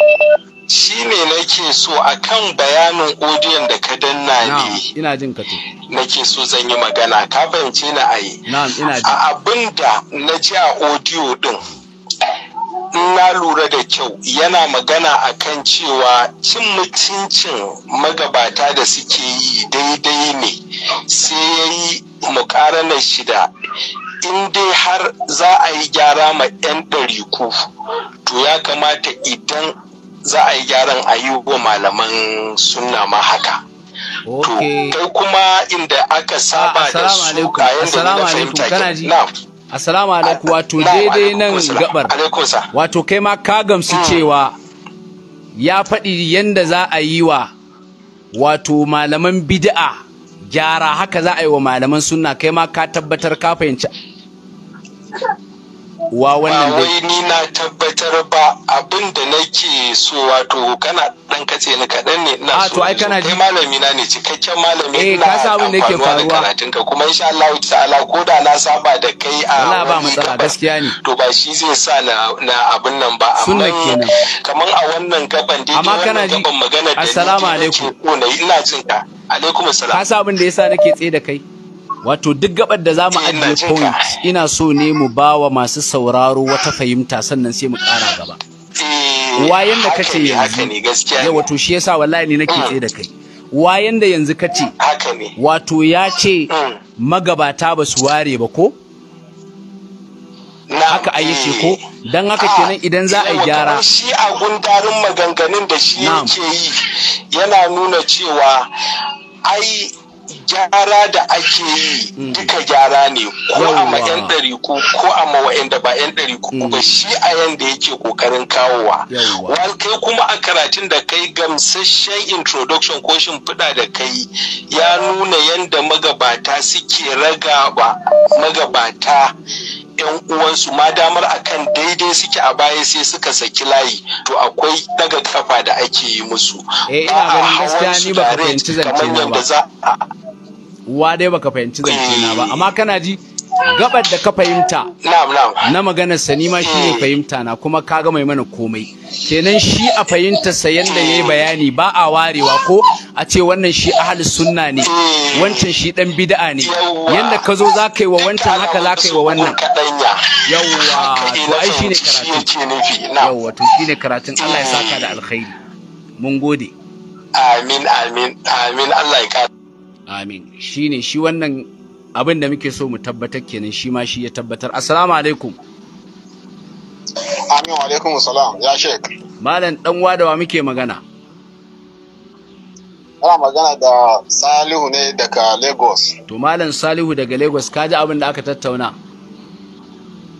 shi ne nake so akan bayanin odiyon da ka danna ne ina jin ka nake so zan yi magana ka fahimce na ayi a abin da na ji a odiyo din na lura da kyau yana magana akan cewa cin mutuncin magabata da suke yi daidai ne sai ya yi mukarana shida in dai har za a yi gyara ma 'yan ɗariku to ya kamata idan za a yi gyaran a yi wa malaman suna ma haka to kai kuma inda aka saba da su ga yadda na fahimta ke Assalamu alaikum wato daidai nan gabar wato kai ma ka gamsu hmm. cewa ya faɗi yadda za a yi wa wato malaman bid'a gyara haka za a yi wa malaman sunna kai ma ka tabbatar ka fahimci wa wannan dai ni na tabbatar ba abin da nake so wato kana dan kace ni kadan ne ina ah, so ai kana ji malami na ne cikakken malami na eh ka sa abin da yake faruwa karatunka kuma insha Allah ta'ala ko da na saba da kai a Allah ba matsala gaskiya ne to ba shi zai sa na na abin nan ba amma kaman a wannan gaban dai amma kana ji assalamu alaikum ko ne ina jin ka alaikum assalam ka sa abin da yasa nake tsaye da kai wato duk gabar da za mu ajiye point ina so ne mu ba wa masu sauraro wata fahimta sannan sai mu ƙara gaba eh, wayan da kace yanzu ya wato shi yasa wallahi ne nake mm. tsaye da kai wayan da yanzu kace wato ya ce mm. magabata ba su ware ba ko haka ayi yace ko eh. dan haka ah, kenan idan za a yi gyara shi a gundarin maganganun da shi yake yi yana nuna cewa ai gyara da ake yi mm. duka gyara ne ko a ma 'yan dari ko a ma da ba 'yan ko. ba shi a da yake kokarin kawowa wal kai kuma a karatun da kai gamsasshen introduction ko shimfiɗa da kai ya nuna yanda magabata suke raga ba magabata yan uwansu ma damar akan daidai suke a baya sai suka saki layi to akwai daga kafa da ake yi musu eh, ba a hawan su kamar yadda za a wa dai baka fahimci zance na ba amma kana ji gabar da ka fahimta na maganar sa nima ne hmm. fahimta na kuma ka ga mai mana komai kenan shi a fahimta sa yanda yayi bayani ba a warewa ko a ce wannan shi ahli sunna ne hmm. wancan shi dan bid'a ne yanda ka zo za ka yi wa wancan haka za ka yi wa wannan yawwa to ai shi ne karatun yawwa to shi ne karatun Allah ya saka da alkhairi mun gode amin amin amin Allah ya amin shi ne. shi wannan abin da muke so mu tabbatar kenan shi ma shi ya tabbatar assalamu alaikum amin wa alaikum salam ya shek malam dan wadawa muke magana ana magana da salihu ne daga lagos to malam salihu daga lagos ka ji abin da aka tattauna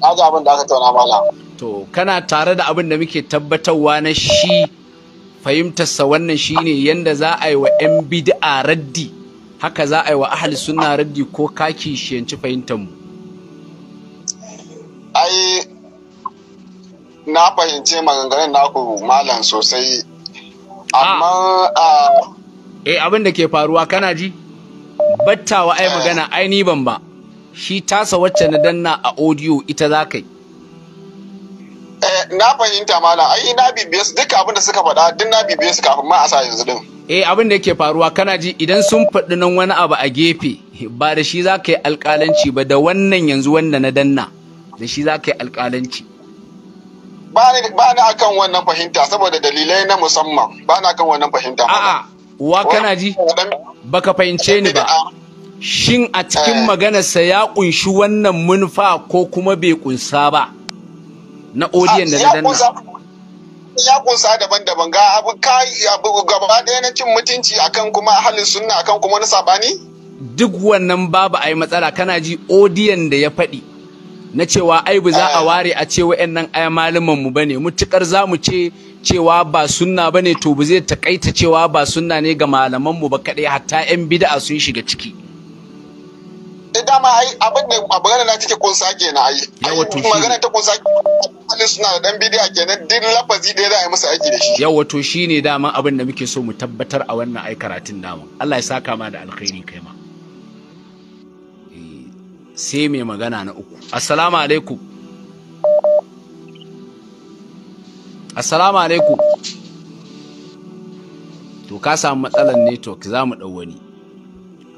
ka ji abin da aka tattauna malam to kana tare da abin da muke tabbatarwa na shi fahimtarsa wannan shi ne yadda za a yi wa 'yan bid'a raddi haka za a yi wa ahli suna raddi ko kaki shi yanci fahimtar mu ai na fahimci maganganun naku malam sosai amma eh abin da ke faruwa kana ji battawa ai eh. magana ai ni ban ba shi tasa wacce na danna a audio ita za ka yi Eh, na fahimta mala ai na bibiye su duka abin da suka faɗa duk na bibiye su kafin ma a sa yanzu din eh abin da yake faruwa kana ji idan sun faɗi nan wani abu a gefe ba da shi za ka yi alƙalanci ba da wannan yanzu wanda na danna da shi za ka yi alƙalanci ba ni akan wannan fahimta saboda dalilai na musamman ba ni akan wannan fahimta a'a wa kana ji baka fahimce ni ba shin a cikin eh. maganarsa ya kunshi wannan munfa ko kuma bai kunsa ba na odiyan da na danna ya kunsa daban-daban ga abu kai abu gaba ɗaya na cin mutunci akan kuma halin sunna akan kuma wani sabani duk wannan babu ai matsala kana ji odiyan da ya faɗi na cewa ai ba za a eh. ware a ce wa'annan ai malaman mu bane mutukar za mu ce cewa ba sunna bane to ba zai takaita cewa ba sunna ne ga malaman mu ba kadai hatta yan bid'a sun shiga ciki da eh, dama ai abin da magana na take kunsa kenan ai yawa to shi magana ta kunsa kenan suna da dan bidiya kenan din lafazi da ya yi musu aiki da shi yawa to shine dama abin da muke so mu tabbatar a wannan ai karatun namu Allah ya saka ma da alkhairi kai ma eh, sai mai magana na uku assalamu alaikum assalamu alaikum to ka samu matsalar network za mu dau wani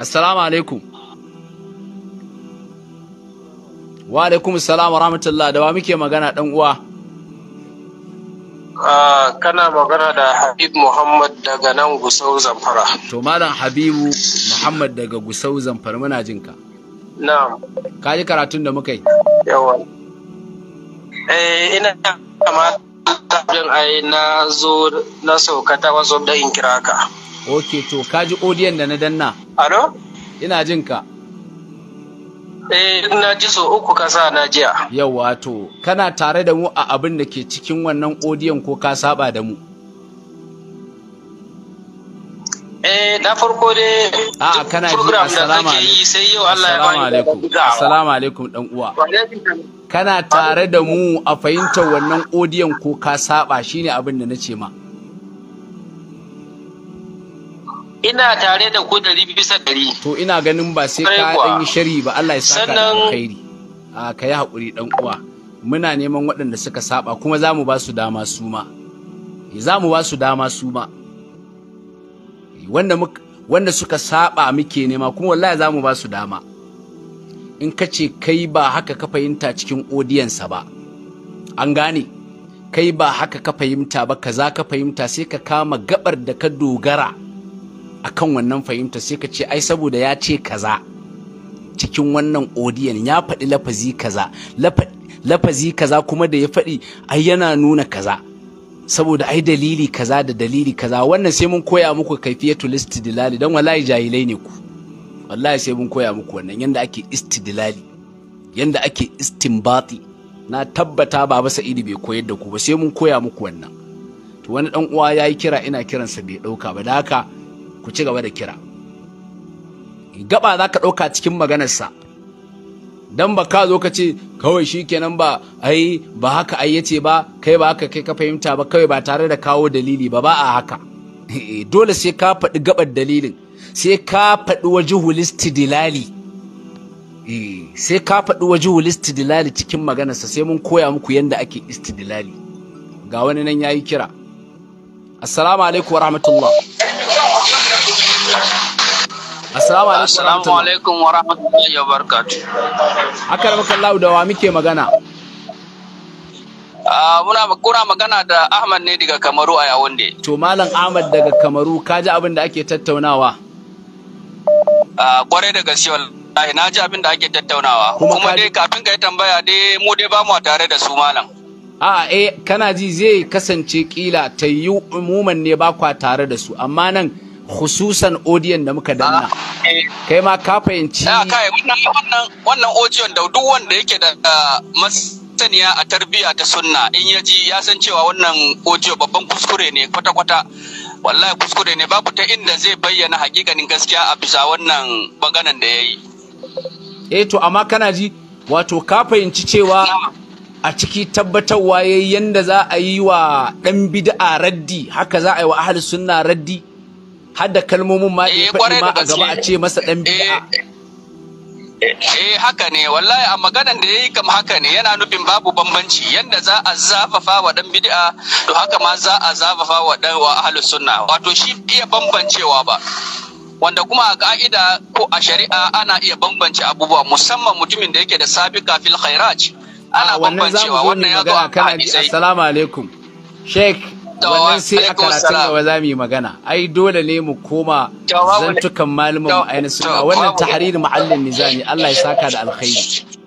assalamu alaikum wa alaikum salam wa rahmatullah da wa muke magana dan uwa ah, kana magana da habib muhammad daga nan gusau zamfara to malam habibu muhammad daga gusau zamfara muna jin ka na'am ka ji karatun da muka yi yawa eh ina kama tabin ai na zo na sauka ta wasu da in kira ka ok to ka ji da na danna alo ina jin ka Eh na ji so uku ka sa na jiya. Yau to kana tare da mu a abin da ke cikin wannan odiyon ko ka saba da mu? Eh na farko dai a kana ji assalamu alaikum sai yau Allah ya bani alaikum assalamu alaikum dan uwa kana tare da mu a fahimtar wannan odiyon ko ka saba shine abin da nace ma ina tare da ku dari bisa dari to ina ganin ba sai ka ɗan yi shari ba Allah ya saka da alkhairi a ka yi hakuri dan uwa muna neman waɗanda suka saba kuma za mu ba su dama su ma eh, za mu ba su dama su ma eh, wanda wanda suka saba muke nema kuma wallahi za mu ba su dama in ka ce kai ba haka ka fahimta cikin odiyansa ba an gane kai ba haka ka fahimta ba kaza ka fahimta sai ka kama gabar da ka dogara akan wannan fahimta sai ka ce ai saboda ya ce kaza cikin wannan odiyan ya faɗi lafazi kaza lafazi kaza kuma da ya faɗi ai yana nuna kaza saboda ai dalili kaza da dalili kaza wannan sai mun koya muku kaifiyatul istidlali dan wallahi jahilai ne ku wallahi sai mun koya muku wannan yanda ake istidlali yanda ake istinbati na tabbata baba sa'idu bai koyar da ku ba sai mun koya muku wannan to wani dan uwa yayi kira ina kiransa bai dauka ba da haka ku ci gaba da kira gaba za ka ɗauka cikin maganarsa don ba ka zo ka ce kawai shi kenan ba ai ba haka ai yace ba kai ba haka kai ka fahimta ba kawai ba tare da kawo dalili ba ba a haka (laughs) eh, dole sai ka faɗi gabar dalilin sai ka faɗi waje dilali. Eh, sai ka faɗi waje dilali cikin maganarsa sai mun koya muku yadda ake istidilali ga wani nan yayi kira assalamu alaikum wa rahmatullah Assalamu alaikum wa rahmatullahi wa barakatuh. Akarmaka Allah da wa muke magana? Ah, muna kuna magana da Ahmad ne daga Kamaru a Yawunde. To Malam Ahmad daga Kamaru ka ji abin da ake tattaunawa? Ah, kwarai da gaske wallahi na ji abin da ake tattaunawa. Kuma dai kafin ka yi tambaya dai mu dai ba mu tare da su malam. A eh kana ji zai kasance kila ta yi umuman ne ba kwa tare da su amma nan hususan odiyon da muka danna ah, eh. kai ma ka fahimci ah, wannan odiyon da duk wanda yake da ah, masaniya a tarbiyya ta sunna in ya ji ya san cewa wannan odiyo babban kuskure ne kwata-kwata wallahi kuskure ne babu ta inda zai bayyana hakikanin gaskiya a bisa wannan maganan da ya yi eh to amma kana ji wato ka fahimci cewa a ciki tabbatarwa yayi yanda za a yi wa ɗan bid'a raddi haka za a yi wa ahli sunna raddi har da kalmomin ma ya eh, faɗi ma a gaba a ce masa ɗan eh, bid'a Eh haka ne wallahi a maganan da yayi kam haka ne yana nufin babu bambanci yanda za a zafafa wa dan bid'a to haka ma za a zafafa wa dan wa ahlus sunna wato shi iya bambancewa ba wanda kuma a ka'ida ko a shari'a ana iya bambance abubuwa musamman mutumin da yake da sabiqa fil khairat ana bambancewa wannan ya zo a kan assalamu alaikum sheikh wannan sai a karatun gaba za mu yi magana ai dole ne mu koma zantukan malumin ainihin suna wannan tahrir ma'allin nizami Allah ya saka da alkhairi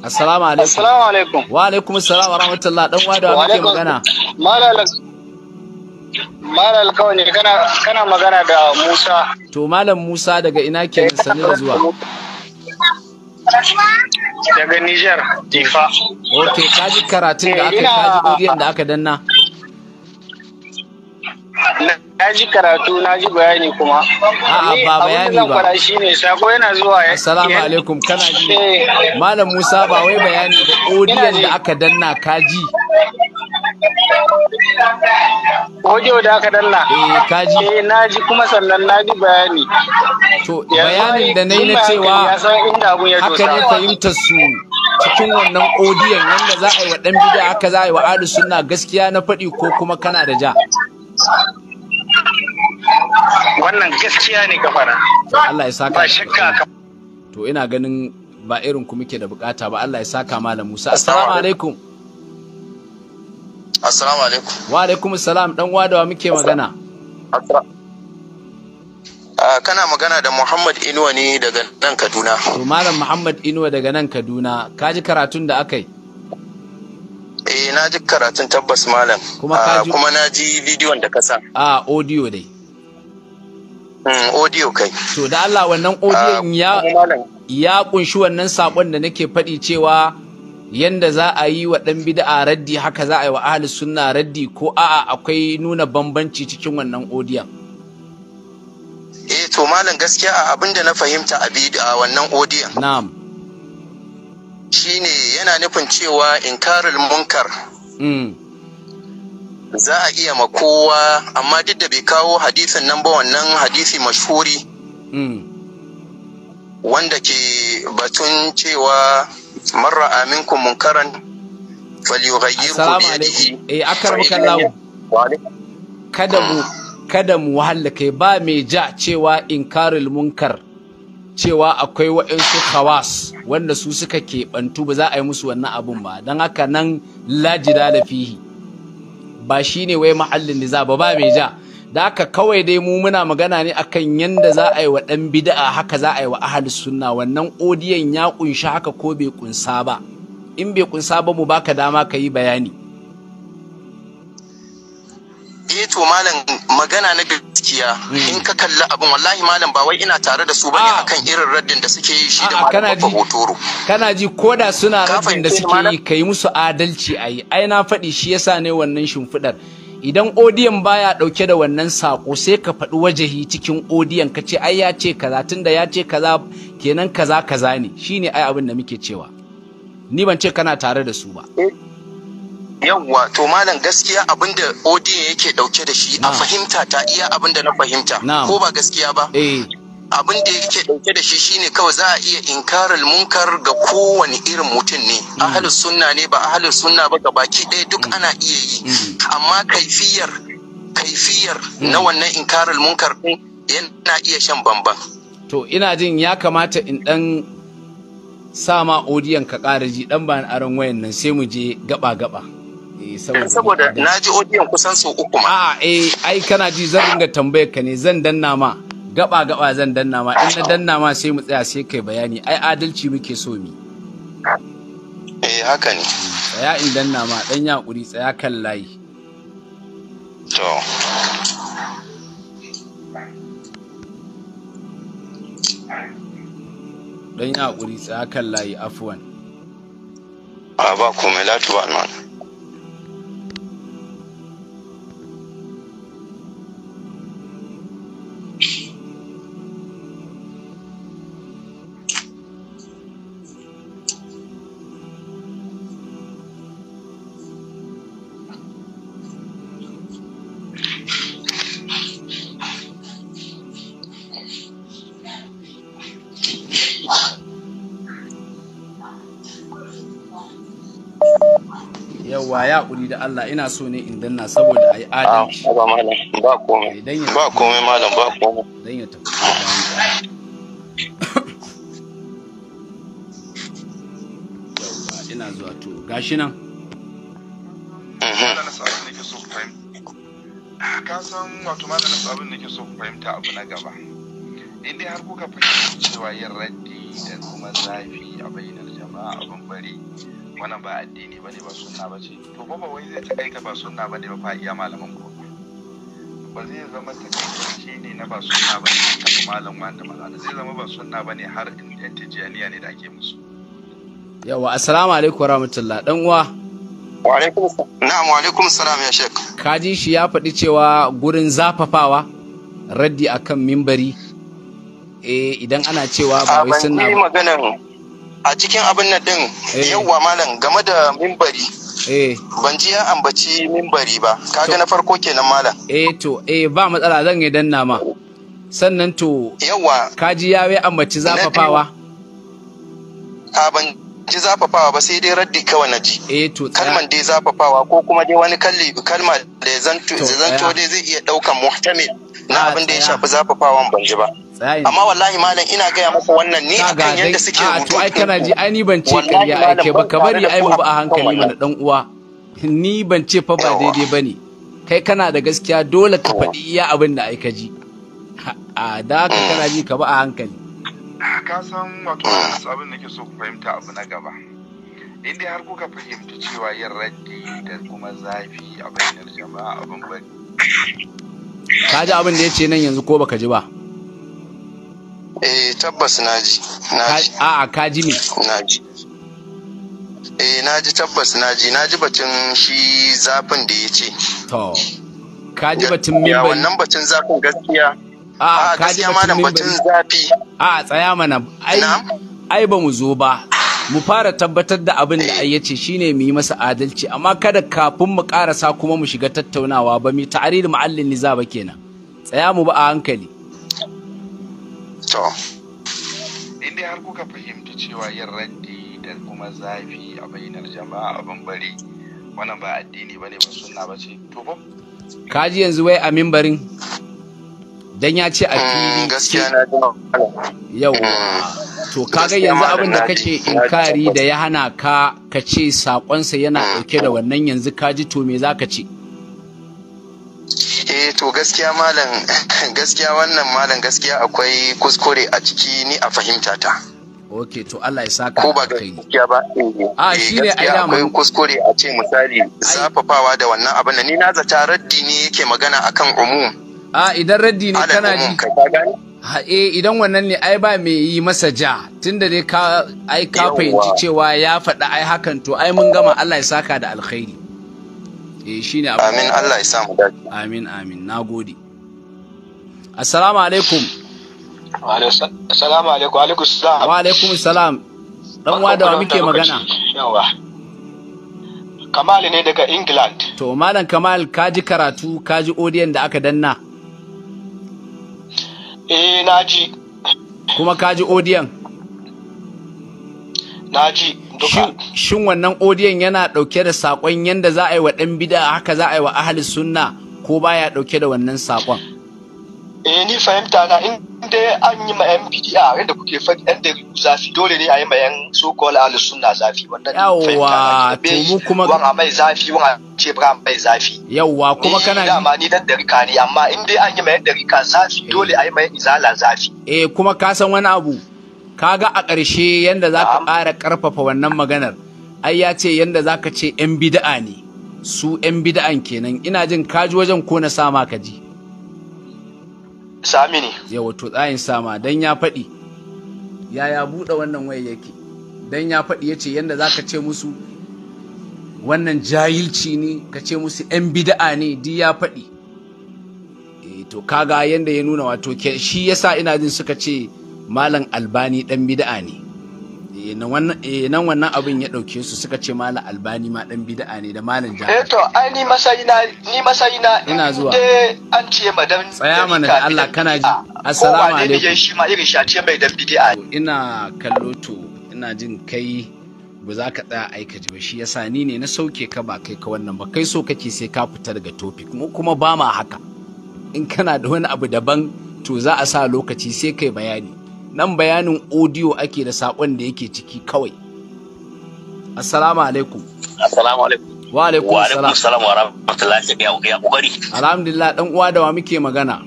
Assalamu alaikum. Assalamu alaikum. Wa alaikum assalam wa rahmatullah dan wa da muke magana. Malal kawai kana magana da Musa. To malam Musa daga ina kenan sanin zuwa. daga Nijar Difa. Ok, ka ji karatun da aka ka ji bidiyon da aka danna. Na ji karatu, na ji bayani kuma. A'a ba bayani ba. Abin da shi ne sako yana zuwa ya. Assalamu alaikum, kana ji. Eh. Malam Musa ba wai bayani da odiyon da aka danna ka ji. Ojo da aka dalla. Eh kaji. Eh naji kuma sannan naji bayani. To bayanin da nayi na cewa haka ne fahimtar su cikin wannan odiyan wanda za a yi wa dan bid'a haka za a yi wa ahlus sunna gaskiya na faɗi ko kuma kana da ja. Wannan gaskiya ne kafara. Allah ya saka. Ba shakka To ina ganin ba irin ku muke da bukata ba Allah ya saka malam Musa. Assalamu alaikum. Assalamu alaikum. Wa alaikum salam dan wadawa muke magana. Ah, kana magana da Muhammad Inuwa ne daga nan Kaduna. To Malam Muhammad Inuwa daga nan Kaduna, ka ji karatun da aka yi? Eh na ji karatun tabbas Malam. Kuma ka ah, ji? Kuma na ji bidiyon da ka sa. Ah, audio dai. Mm, audio kai. To da Allah wannan audio ah, ya ya kunshi wannan sakon da nake faɗi cewa yanda za a yi wa ɗan bid'a raddi haka za a yi wa ahli sunna raddi ko a'a akwai nuna bambanci cikin wannan odiyan eh to malam gaskiya a abin da na fahimta a bid'a wannan odiyan na'am shine yana nufin cewa inkarul munkar mm. za a iya ma kowa amma duk da bai kawo hadisin nan ba wannan hadisi mashhuri mm. wanda ke batun cewa man ra'a minkum munkaran falyughayyirhu bi yadihi eh akarmaka Allah kada mu kada mu wahala kai ba mai ja cewa inkaril munkar cewa akwai waɗansu khawas wanda su suka keɓantu ba za a yi musu wannan abun ba Dan haka nan lajida da fihi ba ne wai mahallin da ba ba mai ja da aka kawai dai mu muna magana ne akan yanda za a yi wa ɗan bida'a haka za a yi wa ahalus sunna wannan odiyan ya kunshi haka ko bai kunsa ba in bai kunsa ba mu baka dama ka yi bayani eh to malam magana na gaskiya hmm. in ka kalli abin wallahi malam ba wai ina tare da su ba ne ah. akan irin raddin da suke yi shi da malam Baffa Hotoro kana ji koda suna raddin da suke yi kai musu adalci ai ai na faɗi shi yasa ne wannan shimfidar idan odiyan baya dauke da wannan sako sai ka faɗi wajahi cikin odiyan ka ce ai ya ce kaza tunda ya ce kaza kenan kaza kaza ne shine ai abin da muke cewa ni ban ce kana tare da su ba yawwa to malam gaskiya abin da odiyan yake dauke da shi a fahimta ta iya abin da na fahimta ko ba gaskiya ba eh abin da yake dauke da shi shine kawai za a iya inkarar munkar ga kowane irin mutum ne mm. ahalus sunna ne ba ahalus sunna ba ga baki ɗaya duk mm. ana iya yi mm. amma kaifiyar kaifiyar na wannan inkarar munkar yana iya shan bamban to ina jin ya kamata in dan ma odiyan ka ƙara ji dan bayan aron wayan nan sai mu je gaba gaba eh, saboda na ji odiyan kusan sau uku ma a eh ai kana ji zan dinga tambayar ka ne zan danna ma gaba gaba zan danna ma in na danna ma sai mu tsaya sai kai bayani ai adalci muke so mi eh haka ne hmm, tsaya in danna ma dan kuri tsaya kan layi to dan kuri tsaya kan layi afwan ba ba komai latu ba nan waya ya da Allah ina so ne in danna saboda ai yi ah, adalci. Ba komai, ba komai, ba komai malam, ba komai. Dan ya tafi Ina zuwa to gashi nan. Mhm. Ka san wato maganin sabon nake so fahimta abu na gaba. In dai har kuka fahimci cewa yin raddi da kuma zafi a bayyanar jama'a a bambari wannan ba addini ba ne ba sunna ba ce to ba wai zai ta aika ba sunna ba ne ba fa iya malaman ko ba zai zama ta shi ne na ba sunna ba ne kuma malam wanda ba zai zama ba sunna ba ne har in yan tijaniya ne da ake musu yawa assalamu alaikum warahmatullah dan uwa wa alaikum na'am wa alaikum salam ya shek kaji shi ya faɗi cewa gurin zafafawa raddi akan mimbari eh idan ana cewa ba wai sunna ba a cikin abin nan din eh. yawwa malam game da mimbari eh. ban ji ya ambaci mimbari ba kaga na farko kenan malam eh to eh ba matsala zan yi danna ma sannan to yawwa kaji ya wai ambaci zafafawa a ban ji zafafawa ba sai dai raddi kawai na ji eh to kalman dai zafafawa ko kuma dai wani kalli kalma da zanto zanto dai zai iya daukan muhtamil na ah, abin da ya shafi zafafawan ban ji ba amma wallahi malam ina gaya muku wannan ni akan yadda suke rubutu to ai kana ji ai ni ban ce kariya ai ke ba ka bari ai mu ba a hankali mana dan uwa ni ban ce fa ba daidai bane kai kana da gaskiya dole ka faɗi iya abin da ai ka ji a da ka mm. kana ji ka ba a hankali ka san wato mm. abin da ke so ku fahimta abu na gaba in dai har kuka fahimci cewa yin raddi da kuma zafi a bayyana jama'a abin bari ka ji abin da ya ce nan yanzu ko baka ji ba eh tabbas naji naji a a kaji me naji eh naji tabbas naji naji batun shi zafin da ya ce to kaji batun mimbar ya wannan batun zafin gaskiya ka kaji batun batun zafi A'a tsaya mana ai ai ba mu zo ba mu fara tabbatar da abin da eh. ya ce shine mu yi masa adalci amma kada kafin mu karasa kuma mu shiga tattaunawa ba mu ta'aril mu'allin za ba kenan tsaya mu ba a hankali to inda har kuka fahimci cewa yin randi da kuma zafi a bayyanar jama'a a bambari wannan ba addini bane ba suna ba ce to ba kaji yanzu wai a mimbarin dan ya ce a eh, fili gaskiya na yau eh, to kaga yanzu abin da kake inkari da ya hana ka ka ce sakonsa yana eh. ɗauke da wannan yanzu kaji to me zaka ce eh to gaskiya malam (laughs) gaskiya wannan malam gaskiya akwai kuskure a ciki ni a fahimta ta ok to Allah ya saka ka ba gaskiya ba eh, a ah, eh, shine ne ai da akwai kuskure a ce misali zafafawa da wannan abin ni na zata raddi ne yake magana akan umum a ah, idan raddi ne kana ji e idan wannan ne ai ba mai yi masa ja tunda dai ka ai ka fahimci cewa ya faɗa ai hakan to ai mun gama Allah ya saka da alkhairi eh shine amin Allah ya samu dace amin amin gode. assalamu alaikum wa assalamu alaikum wa alaikum salam wa alaikum salam dan wa da muke magana Kamal ne daga England. To, Malam Kamal, ka ji karatu, ka ji odiyon da aka danna? Eh, na ji. Kuma ka ji odiyon? Na ji. shin wannan odiyon yana dauke da sakon yadda za a yi wa ɗan bid'a haka za a yi wa ahli sunna ko ya dauke da wannan sakon eh ni fahimta na in dai an yi ma yan bid'a yadda kuke faɗi yan da zafi dole ne a yi ma yan so called ahli sunna zafi wannan Yawwa to mu kuma wan mai zafi wan ce ba mai zafi Yawwa kuma eh, kana ni dama ni dan darika ne amma in dai an yi ma yan darika zafi dole a yi ma yan izala zafi eh kuma ka san wani abu kaga a ƙarshe yanda za ka ƙara ƙarfafa wannan maganar ai ya ce yanda za ka ce 'yan bida'a ne su 'yan bida'an kenan ina jin kaji wajen ko na sama ka ji sami ne ya wato tsayin sama don ya faɗi yaya buɗe wannan waya yake don ya faɗi ya ce yanda za ka ce musu wannan jahilci ne ka ce musu 'yan bida'a ne di ya faɗi eh to kaga yanda ya nuna wato shi yasa ina jin suka ce malam albani dan bid'a ne eh, eh, nan wannan abin ya ɗauke su suka ce malam albani ma ɗan bida'a ne da malam jami'a eh to ai ni na. ni na. ina zuwa an ce ma dan tsaya mana da Allah kana ji ah, assalamu alaikum ko shi ma irin shi a ce mai dan bida'a ina kallo to ina jin kai ba za ka tsaya aika ji ba shi yasa ni ne na sauke ka ba kai ka wannan ba kai so kake sai ka fita daga topic mu kuma ba ma haka in kana da wani abu daban to za a sa lokaci sai kai bayani nan bayanin audio ake da sakon da yake ciki kawai assalamu alaikum assalamu alaikum wa alaikum assalam wa rahmatullahi ya kokari alhamdulillah dan uwa da wa muke magana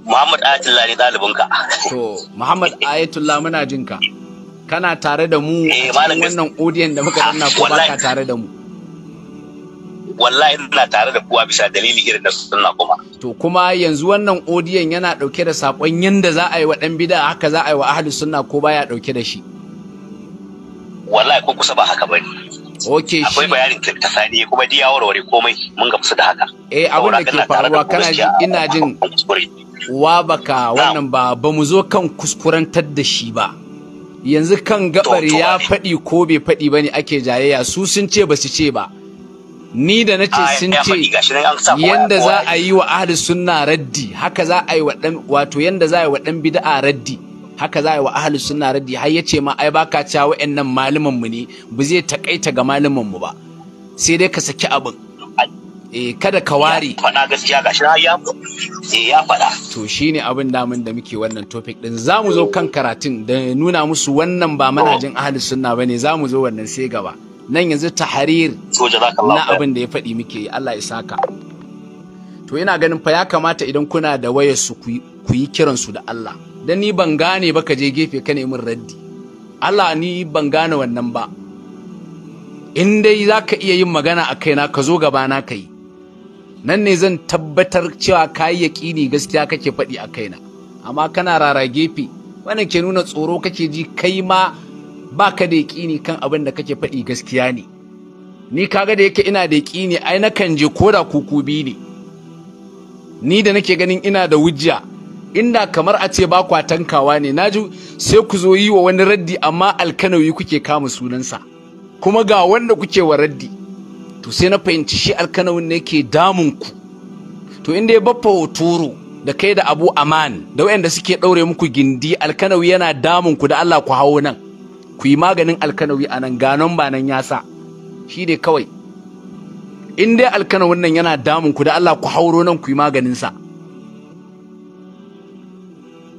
Muhammad Ayatullah ne ka. To, Muhammad Ayatullah muna jinka. Kana tare da mu a eh, cikin wannan odiyon da muka danna ko baka tare da mu? wallahi ina tare da ku a bisa dalili irin na sunna kuma to kuma yanzu wannan odiyon yana dauke da saƙon yanda za a yi wa ɗan bid'a haka za a yi wa ahli sunna ko baya dauke da shi wallahi ko kusa ba haka bane Ok shi. Akwai bayanin ta sani kuma diya warware komai mun gamsu da haka. Eh abin da ke faruwa kana ji ina jin wa baka wannan ba ba mu zo kan kuskurantar da shi ba. Yanzu kan gabar ya faɗi ko bai faɗi bane ake jayayya su sun ce ba su ce ba. ni da na ce sun ce yanda za a yi wa ahli sunna raddi haka za a yi wa dan wato yanda za a yi wa dan bid'a raddi haka za a yi wa ahli sunna raddi har yace ma ai baka cewa wayannan malaman mu ne ba zai takaita ga malaman mu ba sai dai ka saki abin eh kada ka ware faɗa gaskiya gashi na ya eh ya faɗa to shine abin mun da muke wannan topic din zamu zo kan karatun da nuna musu wannan ba manajin ahli sunna bane zamu zo wannan sai gaba nan yanzu tahrir na abin da ya faɗi muke Allah ya saka to ina ganin fa ya kamata idan kuna da wayar su ku yi kiran su da Allah dan ni ban gane ba ka je gefe ka nemi raddi Allah ni ban gane wannan ba in dai zaka iya yin magana a kaina ka zo gaba na kai nan ne zan tabbatar cewa ka yi yaƙini gaskiya kake faɗi a kaina amma kana rara gefe wannan ke nuna tsoro kake ji kai ma ba ka da yaƙini kan abin da kake faɗi gaskiya ne ni kaga da yake ina da yaƙini ai nakan je ko da kuku biyu ne ni da nake ganin ina da wujja inda kamar a ce ba kwa tankawa ne na ji sai ku zo yi wa wani raddi amma alkanawi kuke kama sunansa kuma ga wanda kuke wa raddi to sai na fahimci shi alkanawin ne ke damun ku to inda ya baffa hotoro da kai da abu aman da wayanda suke ɗaure muku gindi alkanawi yana damunku da Allah ku hawo nan ku yi maganin alkanawi a nan ganon ba nan yasa shi ne kawai in dai alkanawin nan yana damun ku da Allah ku hauro nan ku yi maganinsa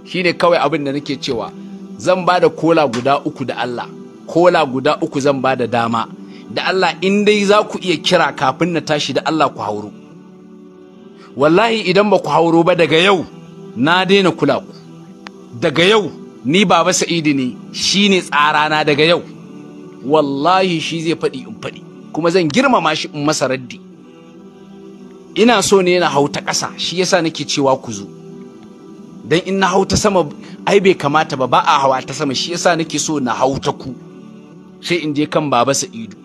shi ne kawai abin da nake cewa zan ba da kola guda uku da Allah kola guda uku zan ba da dama da Allah in dai za ku iya kira kafin na tashi da Allah ku hauro wallahi idan ba ku hauro ba daga yau na daina kula ku daga yau ni baba sa'idi ne shine tsarana daga yau wallahi shi zai faɗi in faɗi kuma zan girmama shi in masa raddi ina so ne na hauta ƙasa shi yasa nake cewa ku zo dan in na hauta sama ai bai kamata ba ba a hawa ta sama shi yasa nake so na hauta ku sai in je kan baba sa'idu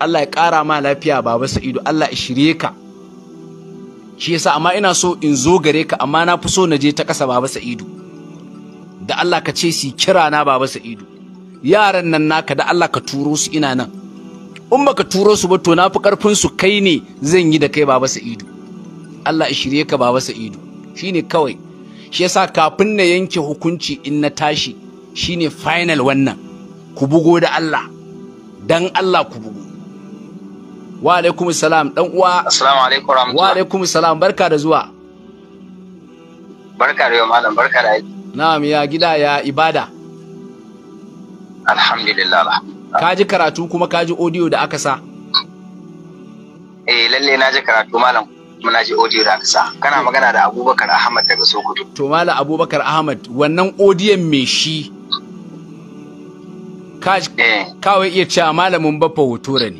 Allah ya ƙara ma lafiya baba sa'idu Allah ya shirye ka shi yasa amma ina so in zo gare ka amma na fi so na je ta ƙasa baba sa'idu da Allah ka ce su kira na baba Sa'idu yaran nan naka da Allah ka turo su ina nan in baka turo su ba to na fi karfin su kai ne zan yi da kai baba Sa'idu Allah ya shirye ka baba Sa'idu shine kawai shi yasa kafin na yanke hukunci in na tashi shine final wannan ku bugo da Allah dan Allah ku bugo wa alaikum salam dan uwa assalamu alaikum wa alaikum salam barka da zuwa barka da yau malam barka da aiki na'am ya gida ya ibada alhamdulillah ka ji karatu kuma ka ji audio da aka sa eh lalle na ji karatu malam muna ji audio da aka sa kana magana da abubakar ahmad daga sokoto to malam abubakar ahmad wannan audio me shi kawai eh. iya cewa malamin bafa hoto ne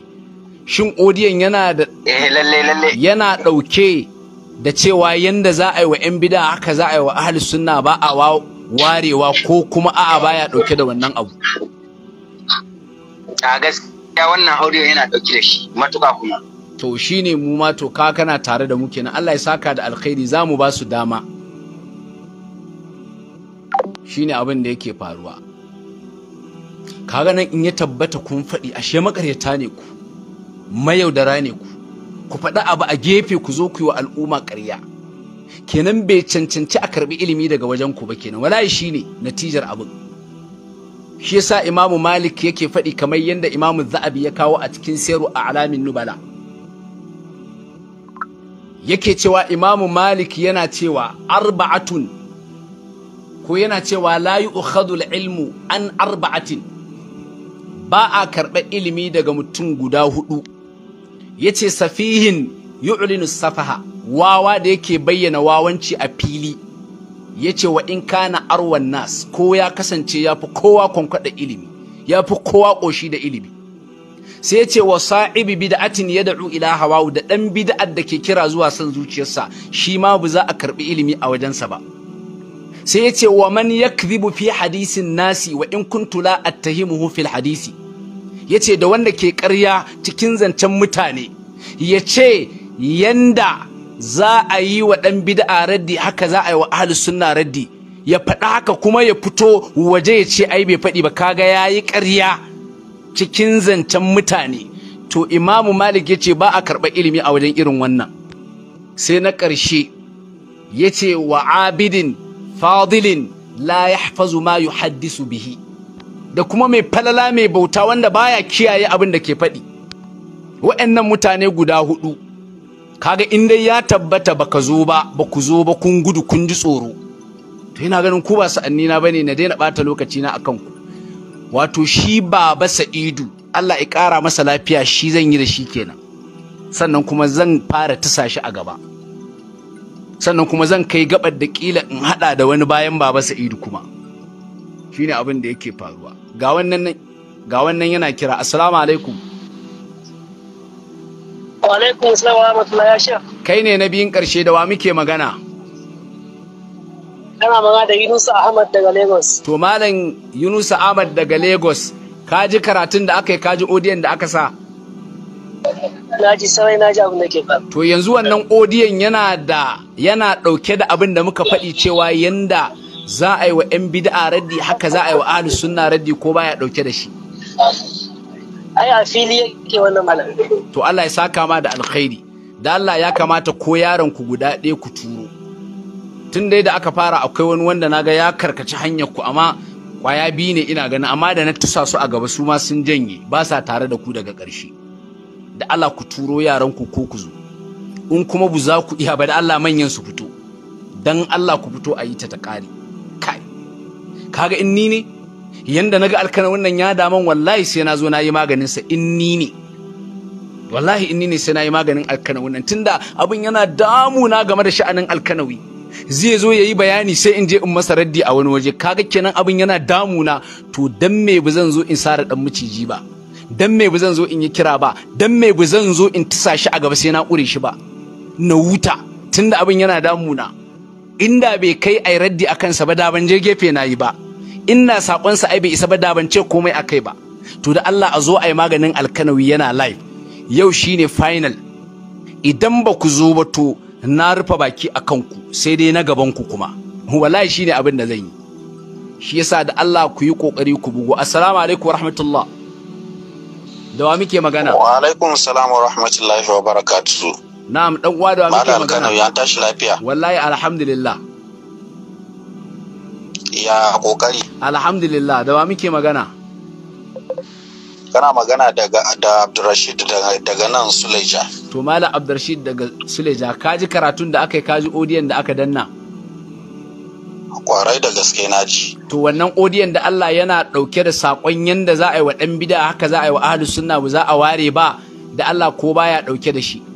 shin audio yana da eh lalle lalle yana dauke da cewa yanda za a yi wa 'yan bida haka za a yi wa ahal suna ba a warewa ko kuma a'a baya ɗauke da wannan abu a gaskiya wannan audio yana ɗauke da shi matuƙa kuma to shi ne mu ma to ka kana tare da mu kenan Allah ya saka da alkhairi za mu ba su dama Shi ne abin da yake faruwa Ka nan in ya tabbata kun faɗi ashe makaryata ne ku mayaudara ne ku ku faɗi abu a gefe ku zo ku yi wa al'umma ƙarya kenan bai cancanci a karɓi ilimi daga wajen ku ba kenan wala shi ne natijar abin shi yasa imamu malik yake faɗi kamar yadda imamu za'abi ya kawo a cikin sayarwa a alamin nubala yake cewa imamu malik yana cewa arba'atun ko yana cewa la yu'khadul ilmu an arba'atin ba a karɓar ilimi daga mutum guda hudu yace safihin yu'linu safaha wawa da yake bayyana wawanci a fili yace wa in kana arwan nas ko ya kasance ya fi kowa kwankwada ilimi Ya fi kowa ƙoshi da ilimi sai yace wa sa'ibi bid'atin da'u ila hawa da ɗan bid'ar da ke kira zuwa san zuciyarsa shi ma ba za a karɓi ilimi a wajensa ba sai yace wa man yakzibu fi hadisin nasi wa in kuntu la attahimuhu fil hadisi ya ce da wanda ke karya cikin zancen mutane ya ce yanda za a yi wa ɗan bid'a raddi haka za a yi wa ahli sunna raddi ya faɗa haka kuma ya fito waje ya ce ai bai faɗi ba kaga ya yi ƙarya cikin zancen mutane to imamu malik ya ce ba a karɓa ilimi a wajen irin wannan sai na ƙarshe ya ce wa abidin fadilin la yahfazu ma yuhaddisu bihi da kuma mai falala mai bauta wanda baya kiyaye abin da ke faɗi wa'annan mutane guda hudu kaga in dai ya tabbata baka zo ba ba zo ba kun gudu kun ji tsoro to yana ganin ku ba sa'anni na bane na daina bata lokaci na akan ku wato shi baba sa'idu Allah ya ƙara masa lafiya shi zan yi da shi kenan sannan kuma zan fara tasa shi a gaba sannan kuma zan kai gabar da kila in haɗa da wani bayan baba sa'idu kuma shine abin da yake faruwa ga wannan ga wannan yana kira assalamu alaikum wa alaikum assalamu wa rahmatullahi ya sha. kai ne na biyun karshe da wa muke magana kana magana da Yunusa Ahmad daga Lagos to malam Yunusa Ahmad daga Lagos ka ji karatun da aka yi ka ji odiyon da aka sa na ji sarai na ji abin da ke faru to yanzu wannan odiyon yana da yana dauke da abin da muka faɗi cewa yanda za a yi wa 'yan bid'a raddi haka za a yi wa ahli sunna raddi ko baya ɗauke da shi ai a fili yake wannan malam to Allah ya saka ma da alkhairi da Allah ya kamata ko yaron ku guda ɗaya ku turo tun dai da aka fara akwai wani wanda naga ya karkaci hanyar ku amma kwaya biyu ne ina gani, amma da na tusa su a gaba su ma sun janye ba sa tare da ku daga ƙarshe da Allah ku turo yaran ku ko ku zo in kuma bu za ku iya ba da Allah manyan su fito dan Allah ku fito a yi ta ta ƙare kai kaga in ni ne yanda naga alkana wannan ya daman wallahi sai na zo na yi maganin sa in ni ne wallahi in ni ne sai na yi maganin alkana wannan tunda abin yana damuna game da sha'anin alkanawi zai zo yayi bayani sai in je in masa raddi a wani waje kaga kenan abin yana damuna to dan me ba zan zo in sara dan miciji ba dan me ba zan zo in yi kira ba dan me ba zan zo in tisa shi a gaba sai na ƙure shi ba na wuta tunda abin yana damuna inda bai kai a raddi a kansa ba daban je gefe na yi ba inna sakon sa ai bai isa ba daban ce komai kai ba to da Allah a zo a yi maganin alkanawi yana live yau shine final idan ba ku zo ba to na rufe baki a ku sai dai na gaban ku kuma wallahi shine abin da zan yi shi yasa da Allah ku yi kokari ku bugu assalamu alaikum warahmatullah da wa muke magana wa alaikum salam wa rahmatullahi wa barakatuhu na'am dan uwa da wa muke magana ya tashi lafiya wallahi alhamdulillah ya kokari alhamdulillah da wa muke magana kana magana daga da Abdurrashid daga nan Suleja to malam Abdurrashid daga Suleja kaji karatun da aka yi kaji odiyon da aka danna kwarai da gaske na ji to wannan odiyon da Allah yana dauke da sakon yanda za a yi wa dan bid'a haka za a yi wa ahlus sunna ba za a ware ba da Allah ko baya dauke da shi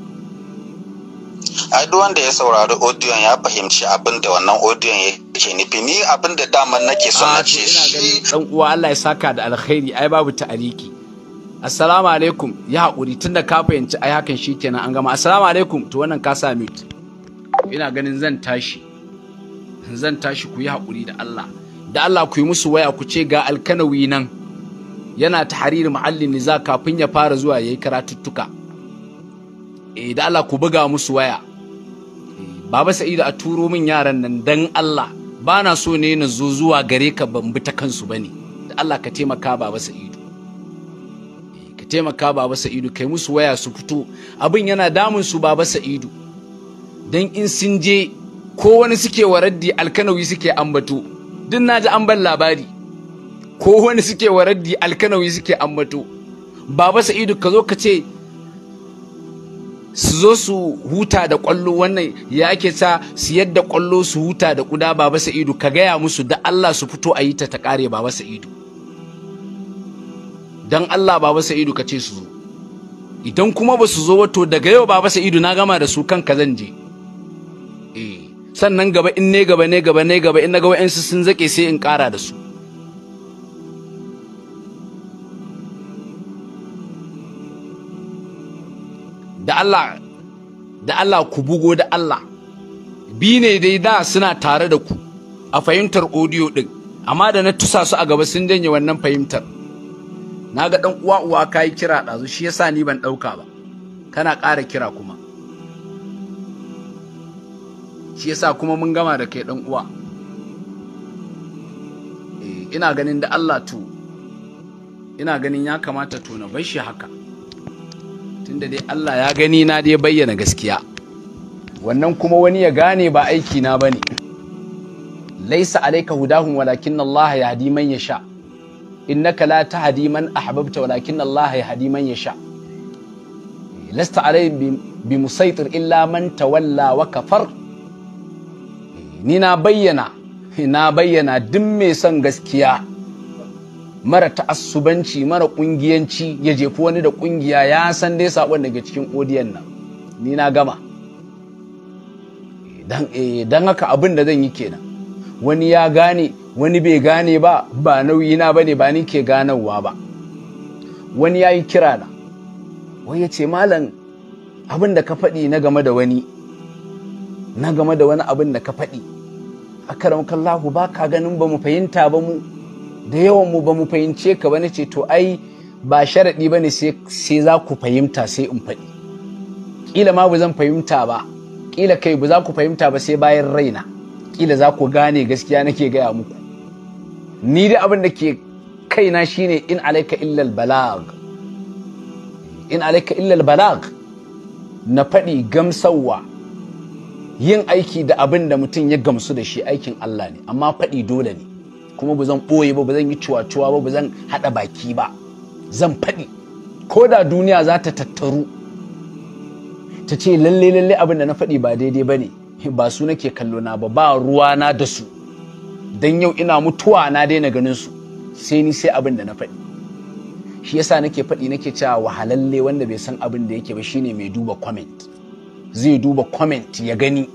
ai duk wanda ya saurari odiyon ya fahimci abin da wannan odiyon yake nufi ni abin da daman nake son na ce shi dan uwa Allah ya saka da alkhairi ai babu ta'ariki. assalamu alaikum ya haƙuri tunda ka fahimci ai hakan shi kenan an gama assalamu alaikum to wannan ka sa mute ina ganin zan tashi zan tashi ku yi haƙuri da Allah da Allah ku yi musu waya ku ce ga alkanawi nan yana ta muhallin ne za kafin ya fara zuwa yayi karatuttuka Eh, da Allah ku buga musu waya eh, baba sa'idu a turo min yaran nan dan Allah ba na so ne na zo zuwa gare ka ban bi ta kansu bane da Allah ka taimaka baba sa'idu eh, ka taimaka baba sa'idu kai musu waya su fito abin yana damun su baba sa'idu dan in sun je ko wani suke waraddi alkanawi suke ambato duk naji an ban labari ko wani suke waraddi alkanawi suke ambato baba sa'idu ka zo ka ce su zo su huta da kwallo wannan ya ke sa su yadda kwallo su huta da kuda baba sa'idu ka gaya musu da Allah su fito a yi ta ta kare baba sa'idu dan Allah baba sa'idu ka ce su zo idan kuma ba su zo wato daga yau baba sa'idu na gama da su kanka zan je eh, sannan gaba in ne gaba ne gaba ne gaba in na ga wa'ansu sun zake sai in kara da su da Allah da Allah ku bugo da Allah bi ne dai da suna tare da ku a fahimtar audio din amma da na tusa su a gaba sun janye wannan fahimtar na ga dan uwa uwa kai kira ɗazu shi yasa ni ban ɗauka ba kana ƙara kira kuma shi yasa kuma mun gama da kai dan uwa eh, ina ganin da Allah to ina ganin ya kamata to na bar shi haka tunda dai Allah ya gani na dai bayyana gaskiya wannan kuma wani ya gane ba aiki na bane laisa alayka hudahum walakin Allah yahdi man yasha innaka la tahdi man ahbabta walakin Allah yahdi man yasha lasta alay bi musaitir illa man tawalla wa kafar ni na bayyana na bayyana duk mai son gaskiya mara ta'assubanci mara ƙungiyanci ya jefi wani da ƙungiya ya san dai saƙon daga cikin odiyan nan ni na gama don eh, haka abin da zan yi kenan wani ya gane wani bai gane ba ba nauyi ba ne ba ni ke ganawa ba wani ya yi kira na wai ya ce malam abin da ka faɗi na game da wani na game da wani abin da ka faɗi akaram kallahu ba ka ganin ba mu fahimta ba mu da yawan mu ba mu fahimce ka ba ce to ai ba sharaɗi ba ne sai za ku fahimta sai in faɗi ƙila ma ba zan fahimta ba ƙila kai ba za ku fahimta ba sai bayan raina ƙila za ku gane gaskiya nake gaya muku ni da abin da ke kaina shine in alaika illal balag in alaika illal balag na faɗi gamsarwa yin aiki da abin da mutum ya gamsu da shi aikin Allah ne amma faɗi dole ne kuma ba zan ɓoye ba ba zan yi cuwa-cuwa ba ba zan haɗa baki ba zan faɗi ko da duniya za ta tattaru ta ce lalle lalle abin da na faɗi ba daidai ba ne ba su nake kallo na ba ba ruwa na da su dan yau ina mutuwa na daina ganin su sai ni sai abin da na faɗi shi yasa nake faɗi nake cewa wahalalle wanda bai san abin da yake ba shine mai duba comment zai duba comment ya gani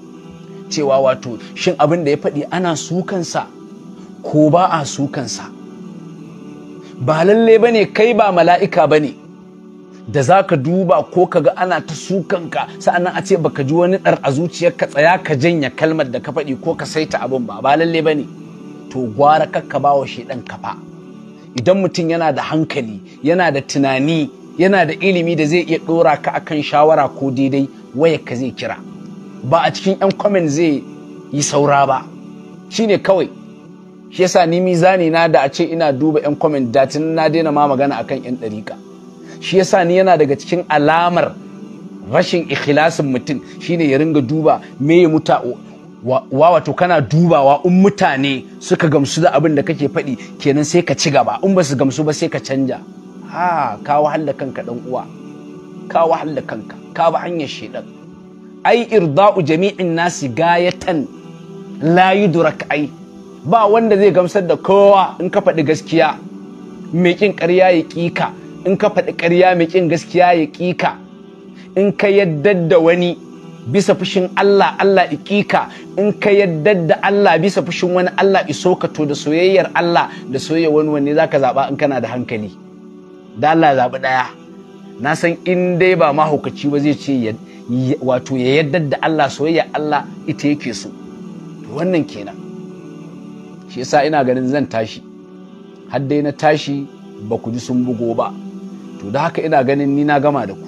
cewa wato shin abin da ya faɗi ana sukan sa? ko ba a sukansa ba lalle ba ne kai ba mala'ika ba ne da za ka duba ko ka ga ana ta sukanka sa'annan a ce baka ji wani ɗar a zuciyar ka tsaya ka janya kalmar da ka faɗi ko ka saita abin ba ba lalle ba ne to gwara kakka ba wa ɗan kafa idan mutum yana da hankali yana da tunani yana da ilimi da zai iya ɗora ka akan shawara ko daidai waya ka zai kira ba a cikin 'yan kwamen zai yi saura ba shine kawai shi yasa ni mizani na da a ce ina duba yan comment datin na daina ma magana akan yan dariƙa shi yasa ni yana daga cikin alamar rashin ikhlasin mutum shine ya ringa duba me ya muta wa wato kana dubawa in mutane suka gamsu da abin da kake faɗi kenan sai ka ci gaba in ba su gamsu ba sai ka canja ha ka wahala kanka dan uwa ka wahala kanka ka ba hanyar shedan ai irda'u jami'in nasi gayatan la yudrak ai ba wanda zai gamsar da kowa in ka faɗi gaskiya mai ƙin ƙarya ya ƙika in ka faɗi ƙarya mai ƙin gaskiya ya ƙika in ka yadda da wani bisa fushin Allah Allah ƙika in ka yadda da Allah bisa fushin wani Allah iso ka to da soyayyar Allah da soyayyar wani wani za zaka zaɓa in kana da hankali da Allah zaɓi ɗaya na san in dai ba mahaukaci ba zai ce wato ya yadda da Allah soyayyar Allah ita yake so wannan kenan shi yasa ina ganin zan tashi har dai na tashi ba ku ji sun bugo ba to da haka ina ganin ni na gama da ku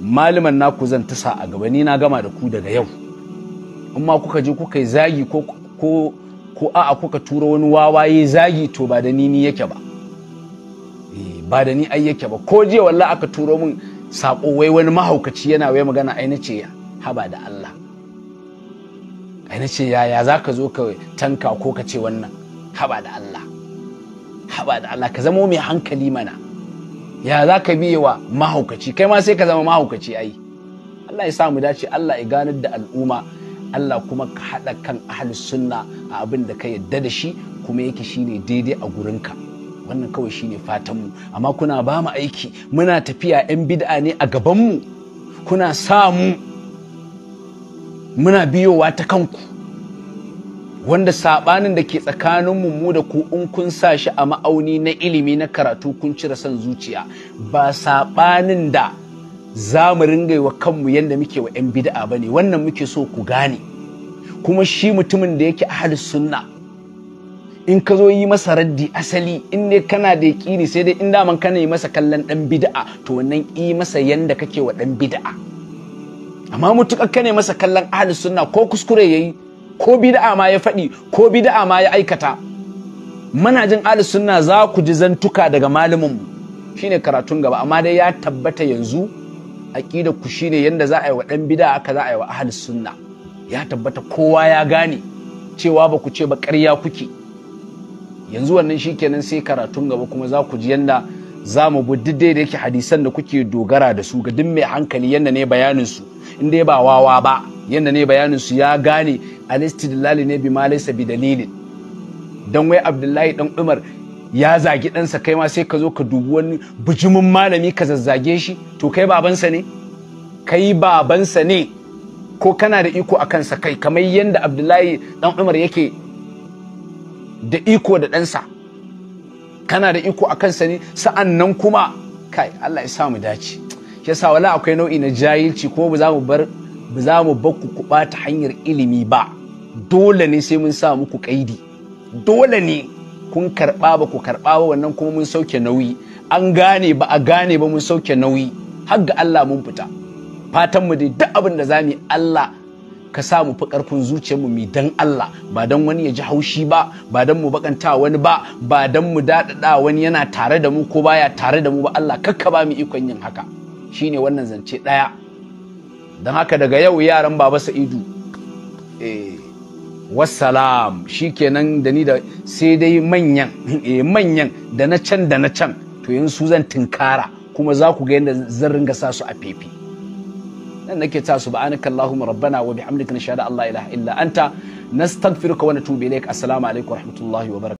malaman naku zan tusa a gaba ni na gama da ku daga yau in ma kuka je kuka yi zagi ko ko ko a'a kuka tura wani wawaye zagi to ba da ni ni yake ba eh, ba da ni ai yake ba ko jiya wallahi aka turo min sako wai wani mahaukaci yana wai magana ai nace haba da Allah ai na ce yaya za ka zo ka tanka ko ka ce wannan haba da Allah haba da Allah ka zama mai hankali mana ya zaka ka biye wa mahaukaci kai ma sai ka zama mahaukaci ai Allah ya sa mu dace Allah ya ganar da al'umma Allah kuma ka haɗa kan ahli sunna a abin da ka yadda da shi kuma yake shine daidai a gurin ka wannan kawai shine fatan mu amma kuna ba mu aiki muna tafiya 'yan bid'a ne a gaban mu kuna sa mu muna biyowa ta kanku wanda saɓanin da ke tsakanin mu da ku in kun sa shi a ma'auni na ilimi na karatu kun cire son zuciya ba saɓanin da za mu ringa wa kanmu yadda muke wa 'yan bida'a ba ne wannan muke so ku gane kuma shi mutumin da yake ahalus sunna in ka zo yi masa raddi asali in ne kana da yaƙini sai dai in daman kana yi masa kallon ɗan bida'a to wannan yi masa yanda kake wa ɗan bida'a amma mutukar ka ne masa kallon ahli sunna ko kuskure yayi ko bid'a ma ya faɗi ko bid'a ma ya aikata muna jin ahli sunna za ku ji zantuka daga malamin mu shine karatun gaba amma dai ya tabbata yanzu aqida ku shine yanda za a yi wa dan bid'a aka za a yi wa ahli sunna ya tabbata kowa ya gane cewa ba ku ce ba ƙarya kuke yanzu wannan shikenan sai karatun gaba kuma za ku ji yanda za mu bi da yake hadisan da kuke dogara da su ga duk mai hankali yanda ne bayanin su in dai ba wawa ba yadda ne bayanin su ya gane alistidlali ne bi malaisa bi dalilin dan wai abdullahi dan umar ya zagi ɗansa kai ma sai ka zo ka dubi wani bijimin malami ka zazzage shi to kai babansa ne kai babansa ne ko kana da iko a kansa kai kamar yadda abdullahi dan umar yake da iko da ɗansa kana da iko a kansa ne sa'an nan kuma kai allah ya samu dace shi yasa wala akwai nau'i na jahilci kuma ba za mu bar ba za mu bar ku ta hanyar ilimi ba dole ne sai mun sa muku kaidi dole ne kun karba ba ku karɓa ba wannan kuma mun sauke nauyi an gane ba a gane ba mun sauke nauyi har ga Allah mun fita fatan mu dai duk abin da za mu Allah ka sa mu fi ƙarfin zuciyar mu dan Allah ba dan wani ya ji haushi ba ba dan mu bakanta wani ba ba dan mu daɗaɗa wani yana tare da mu ko baya tare da mu ba Allah kakka ba mu ikon yin haka shine wannan zance ɗaya don haka daga yau yaran baba sa'idu eh, wassalam shi kenan da ni da sai dai manyan (laughs) eh, manyan da na can da na can to yin su zan tinkara kuma za ku ga yadda zan ringa sa su a fefi nan nake ta su ba'anaka allahumma rabbana wa bihamdika nashhadu an la ilaha illa anta nastaghfiruka wa natubu ilayk assalamu alaikum wa rahmatullahi wa barakatuh